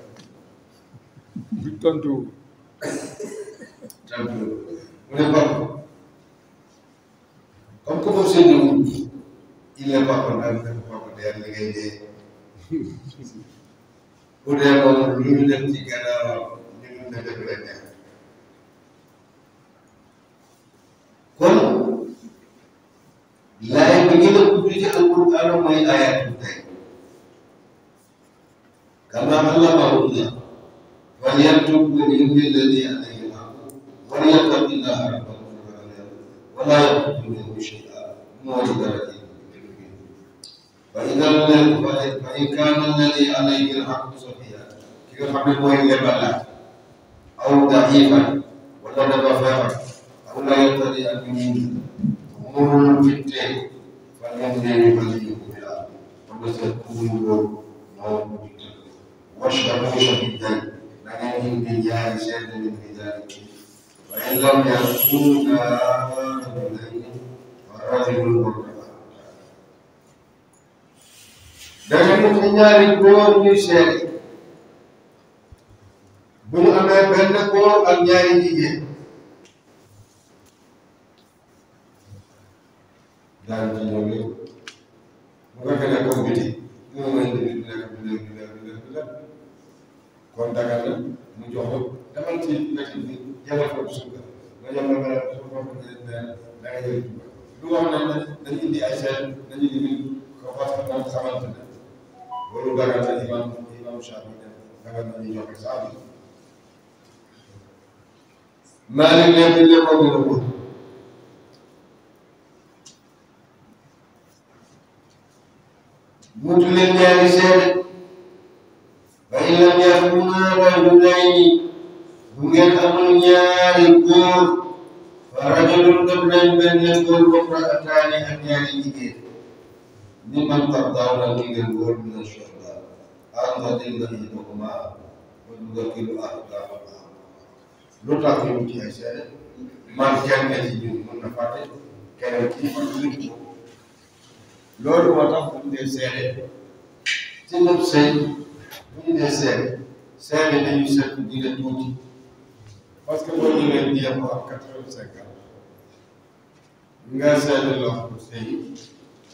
Speaker 1: Bukan tuh. Jangan dulu. Kamu kok bisa dulu? Iya pak, benar, pak, benar, lagi Udah bangun dulu dan tiga ne
Speaker 2: dëgg la neex kon laay bi ñu la tudd ci alquran mooy ayat bu tey kama allamahunna falyaktub minhunna
Speaker 1: alladhi alayhi al-haqq walyattaqillaha rabbahu wala yaghfir
Speaker 2: minhu shay'an
Speaker 1: moo ci dara ci فإذا فإن كان الذي عليه الحق صحيحا كيف حق المهم لبلاد
Speaker 2: أو ضعيفا ولا ضعفا أو لا يطلع الجنين أمور في الدين فليمنع يبليه بالأرض ولتكون
Speaker 1: موت واشربوا شديدا
Speaker 2: لأنهم بالله زاد من بذلك وإن لم يكون رجلين فرجل ورجل dañu ñaari góor ñuy seet ba mu amee benn
Speaker 1: góor ak ñaari jigéen daal di ñëw lépp bu fekkee mu mën di di lekk di lekk di lekk di lekk di lekk kon dagal na mu jox ko demal ci lekk nga jëm na benn su ko
Speaker 2: ko jëlee benn
Speaker 1: da nga jël du wax nañ ne dañ indi ay seen dañu indi ko fas moom xamante ne loolu dagal na imam imam Shafi dagal na ñu joxe saa bi
Speaker 2: mali lebe lebo bi la wut mutu leen ñaari seede ba ila ñaar bu maara lu nay ni bu ngeen amul ñaari góor fa rajulun gëm leen benn góor
Speaker 1: ba fa ataani ak ñaari jigéen ni man ngeen bi la soxla dugal ki lu lu tax ñu wuti ay seede man kenn ci ñun mën na fàtte keneen ci fàttali loolu moo tax bu ñu dee seede ci ñëpp sëy bu ñu dee seede seede dañuy seet di la tuuti parce que boo ñëwee di yem ak quatre-vingt-cinq nga seede loo xam sëy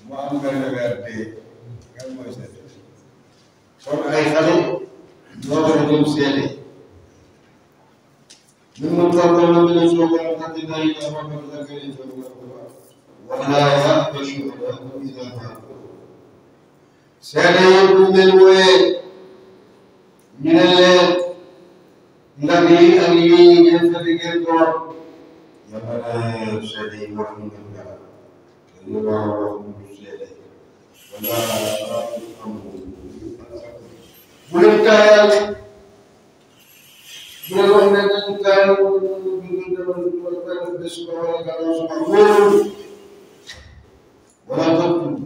Speaker 1: mu am benn weer dee kan mooy seede kon ay xale loolu la seede ممن ترجم من اسمك مقدما الى ربك ذكر
Speaker 2: ولا يأبى الشهداء اذا فعلوا سنيكم بالويل من الليل الذي ان ينفذك الدعاء يا بنات سيدي محمد كلما ربه سيدي ولا ربكم ولكن من الرحمة
Speaker 1: التي كانوا وكانوا بسبحانك اللهم يعبدون ولا تقتلوا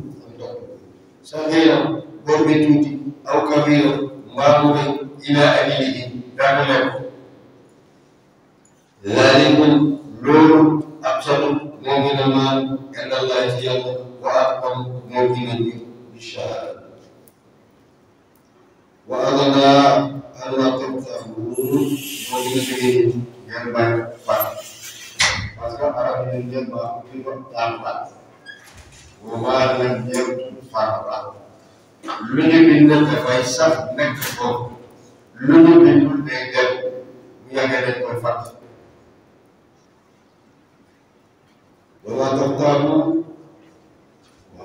Speaker 1: صغيرا
Speaker 2: بربتوتي
Speaker 1: أو كبيرا مارورا إلى أجله تعمله ذلكم لون أبسط مؤمن ما عند الله يلا وأقوم مؤمنا بالشهادة وأغنى Al-Waqib Tahu Mengisi Jerman Pak Pasca Arab Indonesia Bahu Timur Tampak Wama Najib
Speaker 2: Farah Luni
Speaker 1: Bindu Tefaisah
Speaker 2: Nekbo
Speaker 1: Luni Bindu Tegel Miagadet Tefat Wama Tertamu Wow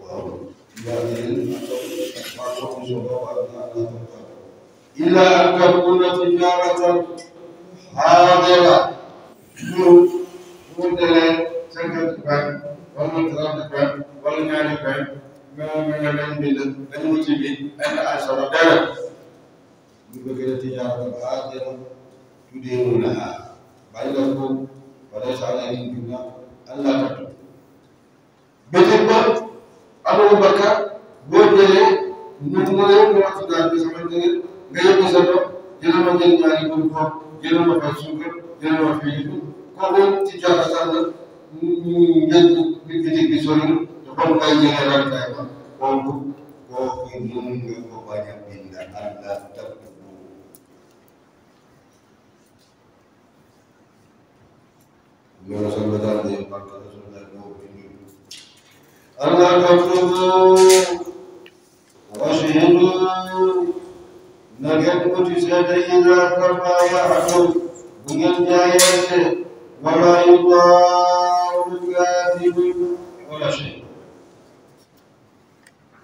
Speaker 1: Wow Ya ini Masuk Masuk Masuk
Speaker 2: إلى أن تكون
Speaker 1: تجارة حاضرة شوف مدلة سكت بان ومطرد بان والمال بان ما من الأنبل المتبين أن أشر دلة يبقى تجارة حاضرة تديرونها بينكم وليس عليهم جناح ألا تكتب بجد أبو بكر بوجه من مريم وقت ذلك سمعت nga yóbbu sa bopp dina ma jël ñaari góob bopp dina ma fay suukar dina ma fay yëngu kooku ci jox sax la
Speaker 2: ngeen
Speaker 1: nit ki dégg sori na te comme ay ñeneen ak ay ma kooku kooku mun nga ko bañ a bind Allah tabbu loolu sax la daal di parce que suñu la boobu ñu
Speaker 2: Allah tabbu
Speaker 1: واشهدوا na ngeen cotisé de ila tabayatum bu ngeen jaayante wala yudaaru
Speaker 2: kaatibun wala shay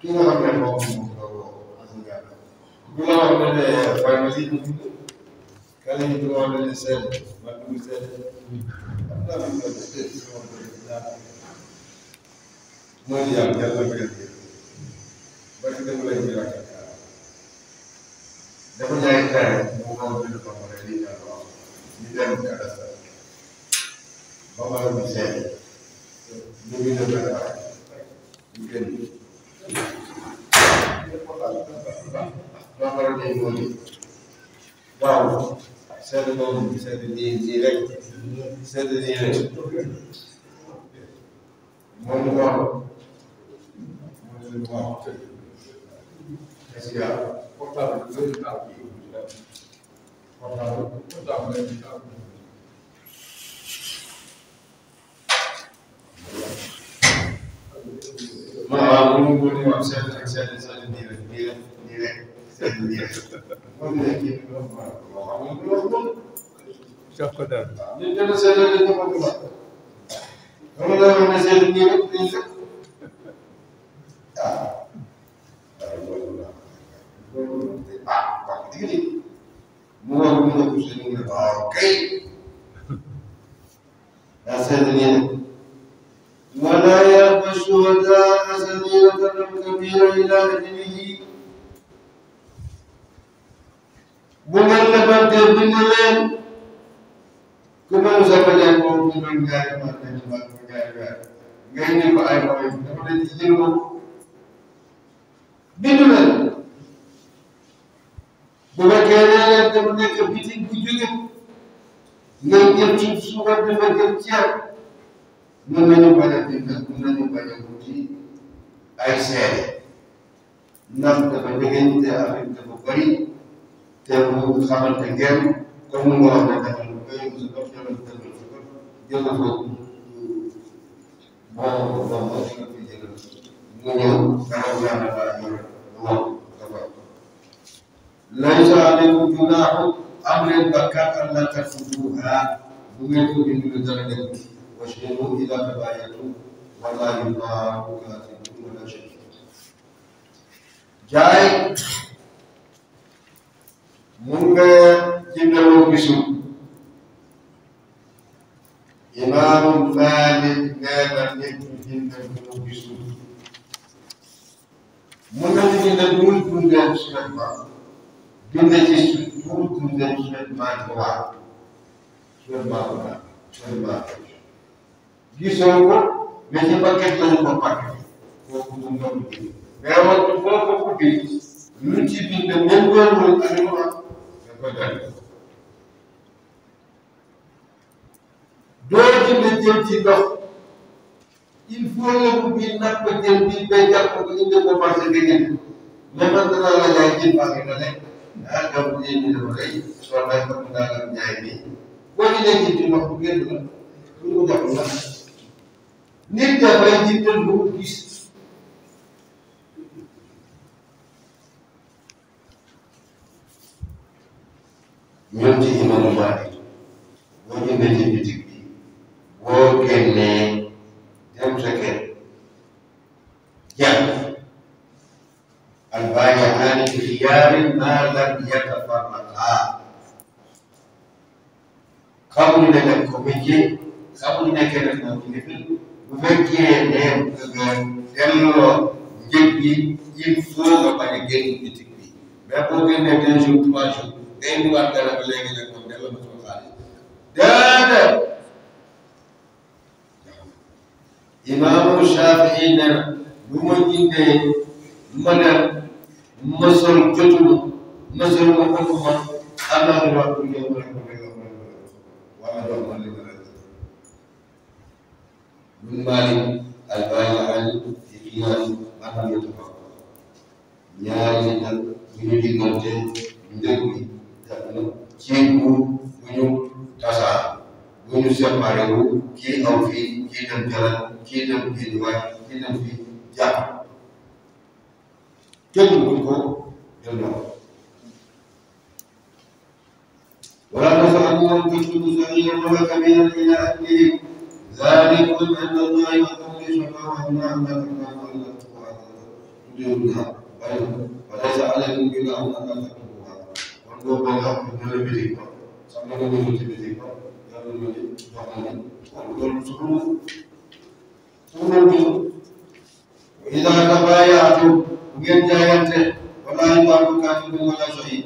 Speaker 2: ki nga xam ne moom moom bu la wax ne ne fayma li ñu kala yi duma
Speaker 1: wax ne seen man dugg seen am naa fi nga def mooy yàlla yàlla bëgg barke dem lañ ñu yaakaar dafa jaay terrain moo ko bind ko ma lii ñu dem cadastre ba ma la seet ñu ngi dem benn baay ñu génn bambara day moo ni waaw seet boobu seet nii nii rek seet nii rek moom mu wax moom mu wax est-ce que portable bi loolu taal bi loolu ci def portable
Speaker 2: portable lañ ci taal bi waaw moom bu ñu am seen ak seen seen nii rek nii rek nii rek seen nii rek moom
Speaker 1: la ñu jox ko daal ñu jël seen la ñu ko wax dama la wax ne seen nii rek nii rek ah loolu ah wax dëgg mu war a mun a poussé mu ne waaw kay daa seetlu ne wala yàlla suuda asaniyata kabira ila ajlihi
Speaker 2: bu ngeen lebantee bind leen
Speaker 1: ku mel sabalee ko ku mel gaay ma nañ ma ko gaay gaay
Speaker 2: ngay ne ko ay mooy
Speaker 1: dafa leen ci jël moom bind leen bu fekkee nee leen dafa nekk bitig bu
Speaker 2: jóge nañ jël ci suukar dafa jël ceeb mën
Speaker 1: nañu bañ a bindal mën nañu bañ a wuti ay seede ndax dafa jege ñu te affaire bi dafa bëri mu xamante ngeen comme mu wax ne mu sukar dafa dafa sukar jël ko boo ko boo ko jël mu ñëw dara ñaan ليس عليكم جناح أمر بكات ألا ترفضوها بمنكم من درجة واشهدوا إذا تبايعتم ولا يضار كاتب ولا شيء جاي منغا جنلو بسو إمام فالد نابا نكتب جنلو بسو منغا جنلو بسو bind ci suuf pour pour dem suñu maaj bu baax suñu baax bu baax suñu baax gisoo ko
Speaker 2: mais ci paquet lañu ko paquet kooku mu ndox bi mais wax foo ko ubbi lu ci bind même góor ak lu mu wax da ko jàng
Speaker 1: doo jënd jël ci ndox il faut nga ubbi napp jël bi bay jàpp ko indi ko marché nga jënd mais man danaa la jaay jël baax yi la nekk ah donc lii ñu dafa rëy soo bay ko daal njaay bi boo ci leen jiitu wax bu génn la bu ñu ko joxul sax
Speaker 2: nit dafay jiital lu mu gis ñun ci imanu baati boo jëndee ci bitig bi boo génnee dem
Speaker 1: sa kër jàpp البيعان بثياب ما لم يتفرقا قبل ان الكوبيجي قبل ان كانت موجوده مفكيه نيم فيلو جيبي جيب فوق
Speaker 2: بعد جيب بتكبي
Speaker 1: ما بوجد نتنجو تواجو دين وقت انا بلاقي لكم دلو متوقعي
Speaker 2: دادا
Speaker 1: إمام الشافعي نرى نمجد مدر mësul jotul mësul waxatu ma alaaka laa ko yóbbu rek ma koy wax wala doo ma leen rek. min maalin albaayi'aan fi qiyaas maanaam yatafakkar ñaari nit nag ñu ñu diggante njëg bi def na ceeb bu ñu tasaar bu ñu séparé wu kii aw fii kii dem jara kii dem kii waay kii dem fii jàpp. كل من كل يمرأ ولا نفعل من تشكل سعيا ولا كبيرا إلى أكله ذلك كل الله
Speaker 2: يمكن شفاء وإننا عمنا فرنا وإننا تقوى
Speaker 1: وليس عليكم كلا هم أكا تقوى وإننا من نبي سمعنا من نبي بذيبا من نبي بذيبا وإننا نبي وإذا كبا ngeen jaayante wala yuwaalu kaafirun wala shahid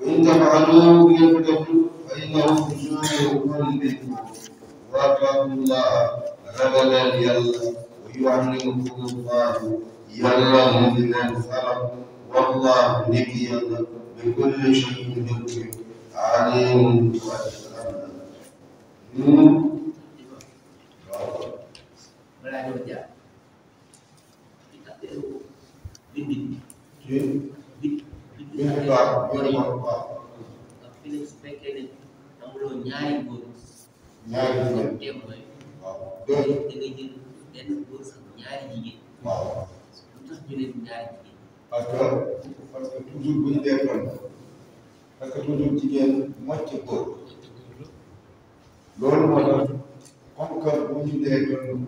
Speaker 1: wa in taf'alu bu ngeen ko def fa innahu fusuuqun bikum
Speaker 2: wattaqullaha
Speaker 1: ragal leen yàlla wa yu'allimukumullaahu
Speaker 2: yàlla mu ngi
Speaker 1: leen xalam wallaahu nekk yàlla bi kulli shay'in aliimun waaw Dinding. Dinding. Dinding waaw dinding waaw. ndax fi ne su fekkee ne amuloo ñaari góor. ñaari góor waaw doy da ngay jël benn góor sax ñaari jigéen. waaw lu tax ñu ne ñaari jigéen. parce que parce que toujours bu ñu defoon parce que toujours jigéen mocc góor
Speaker 2: loolu moo tax
Speaker 1: comme que bu ñu defoon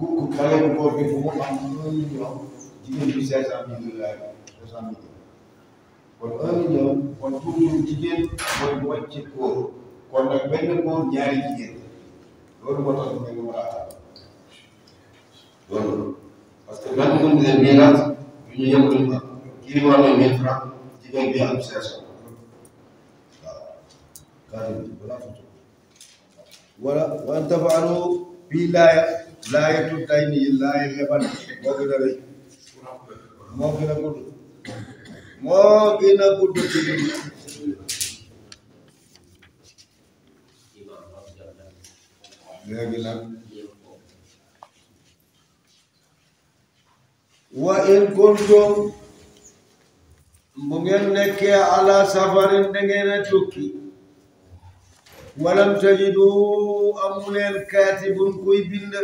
Speaker 1: gu xale bu góor bi bu mu am un million jigéen bi cinq cent mille la cinq cent mille kon un million kon toujours jigéen mooy wàcce góor kon nag benn góor ñaari jigéen loolu moo tax ñu mën a ah. loolu parce que même bu ñu gisee miiraat bi ñu yëngu kii bi war na mille francs jigéen bi am cinq cent waaw. wala wala tafaalu bii laay laaye tu tay ni laaye moo gën a rëy moo gën a gudd moo gën a gudd ci bi léegi nag wa in kuntum bu ngeen nekkee ala safarin da ngeen a tukki ولم تجدوا أمولين كاتب كوي بند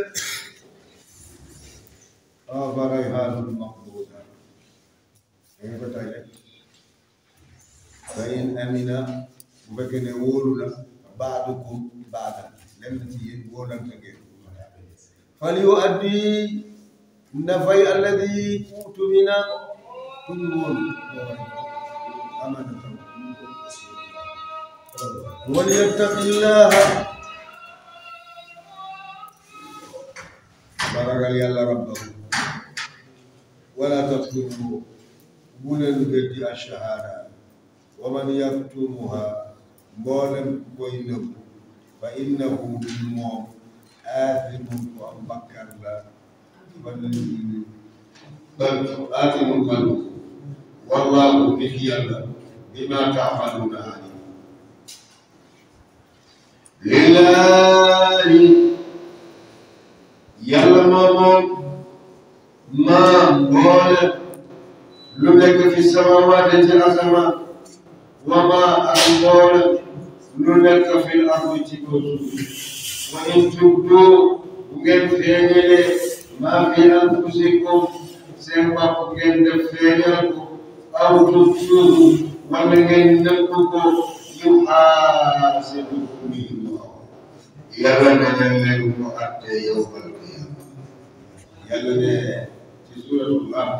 Speaker 1: فريحان مقبوضة كيف إيه تعلم فإن أمن وبكن يقولون بعضكم بعضا لم تجد ولم تجد فليؤدي النفي الذي أوتمنا كل أمانة وليتق الله برق الله ربه ولا تكتموا بولن بدي الشهادة ومن يكتمها بولن بينه فإنه بالموت آثم وأبكر لا بل آثم قلبه والله به بما تعملون
Speaker 2: عليه ilaahi yàlla maa moom maa
Speaker 1: boole lu nekk fi samaawaat ci asamaan wa maa ak boole lu nekk fi ardi ci kaw suuf wa in tubdu bu ngeen feeñale maa fi anfusikum seen
Speaker 2: bopp ngeen def feeñal ko aw tubdu wala ngeen nëbb ko
Speaker 1: ñu xaasibu
Speaker 2: yàlla na leen
Speaker 1: leen ko àttee
Speaker 2: yow alqiyam
Speaker 1: yàlla ne ci suratul Qaf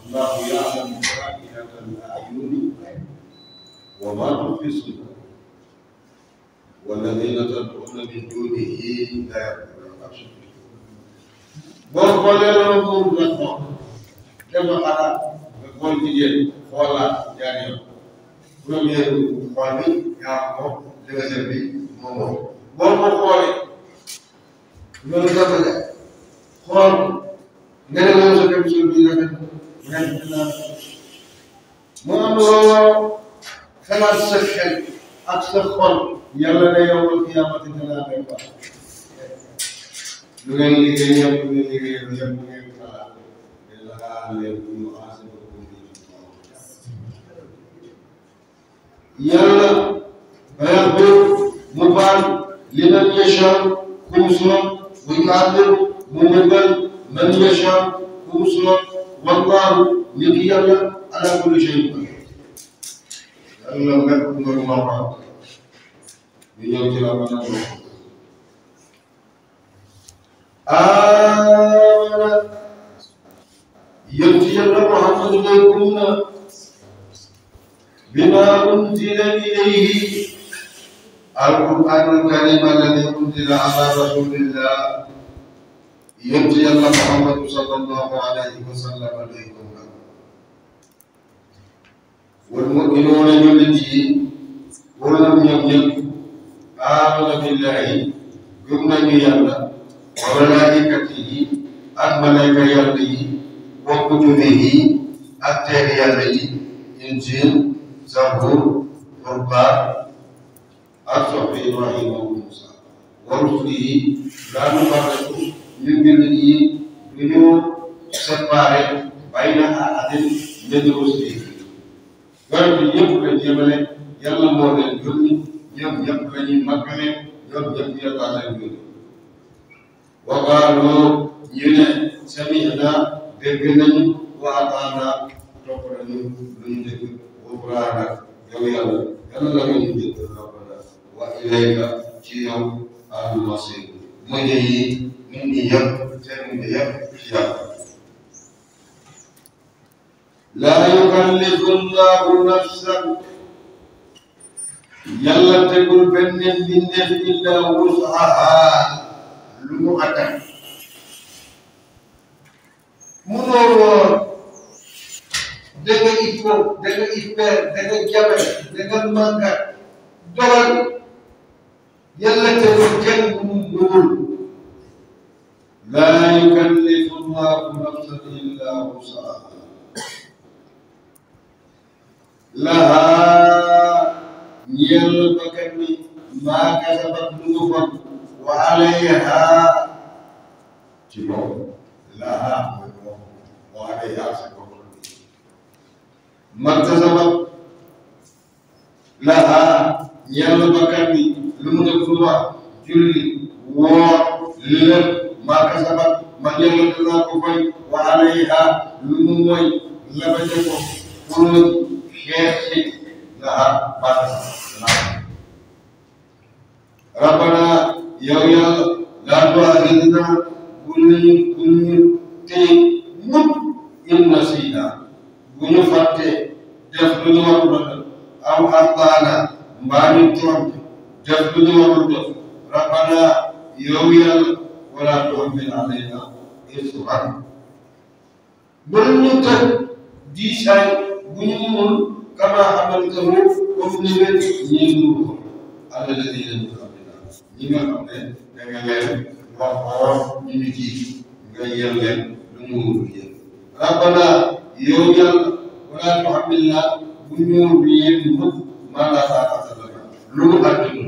Speaker 1: allahu ya'lamu xaa'inatal a'yuni wa ma tuxfi sudur walladina tad'una min dunihi la yaquluna ashhadu
Speaker 2: boo xoolee loolu
Speaker 1: góor nga xool dafa xalaat nga xool jigéen xoolaat ñaari yoon première xool bi ñaar ko deuxième bi moomoo boo ko xoolee loolu dafa jaay xool nga ne loolu sa dem si biir nga dem nga dem moo am looloo xalaat sa xel ak sa xol yàlla na yowmal qiyaamati dinaa koy baax
Speaker 2: lu ngeen liggéey ñoom lu ngeen liggéey lu ngeen ngeen xalaat
Speaker 1: dinaa leen ñu xaasibakum yàlla bala mu baal لمن يشاء كوسرا ويعذب مؤمنا من يشاء كوسرا والله لقيام على كل شيء قدير. لأن الملك بن مرة بما أنزل إليه القرآن الكريم الذي أنزل على رسول الله يبتي الله محمد صلى الله عليه وسلم إليكم والمؤمنون يلتي ولم يملك آمن بالله يمنى يلا وملائكته ak malayka yàlla yi wa kutubihi ak téere yàlla yi injil zabur qurbaan الصحف إبراهيم وموسى ورسله لا نفرق من بلده بنور séparé bàyyi na àddin ndëndëroo si yonent bi ñëpp la jëmale yàlla moo leen
Speaker 2: yónni ñoom ñëpp la ñuy màggale ñoom ñëpp yàlla leen yónni wa qaaloo ñu ne sami'na dégg nañu wa ata'na topp nañu lu ñu dégg wa yow yàlla yàlla la ñu dégg wa ilayka ci yow al masir mujj yi
Speaker 1: nit ñi yëpp seen mujj yëpp ci yàlla laa yukallifu llahu nafsan yàlla tegul benn mbindeef illa wusaha lu mu attan
Speaker 2: munoo woor da nga ifo da nga
Speaker 1: ifeer da nga jabe da nga màngat dogal yàlla teewul kenn ku mu góobul laa yukallifu llahu nafsan illa wusaha laha ñeel bakkan bi maa kasabat lu mu bon wa alayha ci bopp laha mooy moom wa alayha sa bopp man kasabat laha ñeel bakkan bi lu mu def duwa julli woor lépp maa kasabat ma jëmal dinaa ko koy wa alayha lu mu mooy labate ko pour xeex si laha maa kasabat rabbana yow yàlla laa tu'akhidhna bu ñu bu ñu téye mukk in nasiina bu ñu fàtte def lu ñu war a aw axtaana mbaa ñu جدنا ربك ربنا يويا ولا تحمل علينا إصرا بلن تك دي شيء بنيون كما حملته وفنيت ينور على الذين من قبلنا لما قبلنا كما قال وقرف نمتي غير لك نمور ربنا يويا ولا تحملنا بنيون بيد ما لا
Speaker 2: طاقة لنا
Speaker 1: لو أدنى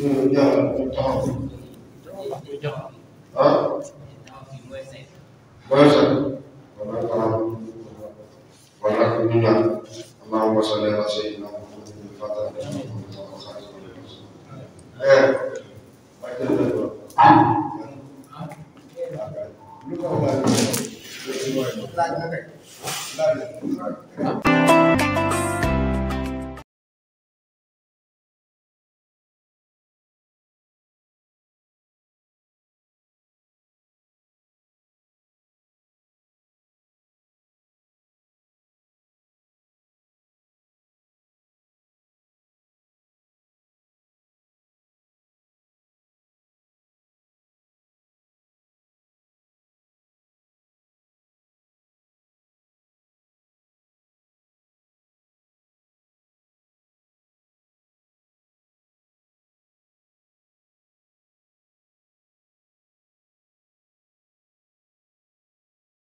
Speaker 2: ñu ñëw ñu taxaw ah mooy sax wala
Speaker 1: wala ñu ñaan allahumma salli ala sayyidina muhammadin fatah Thank you.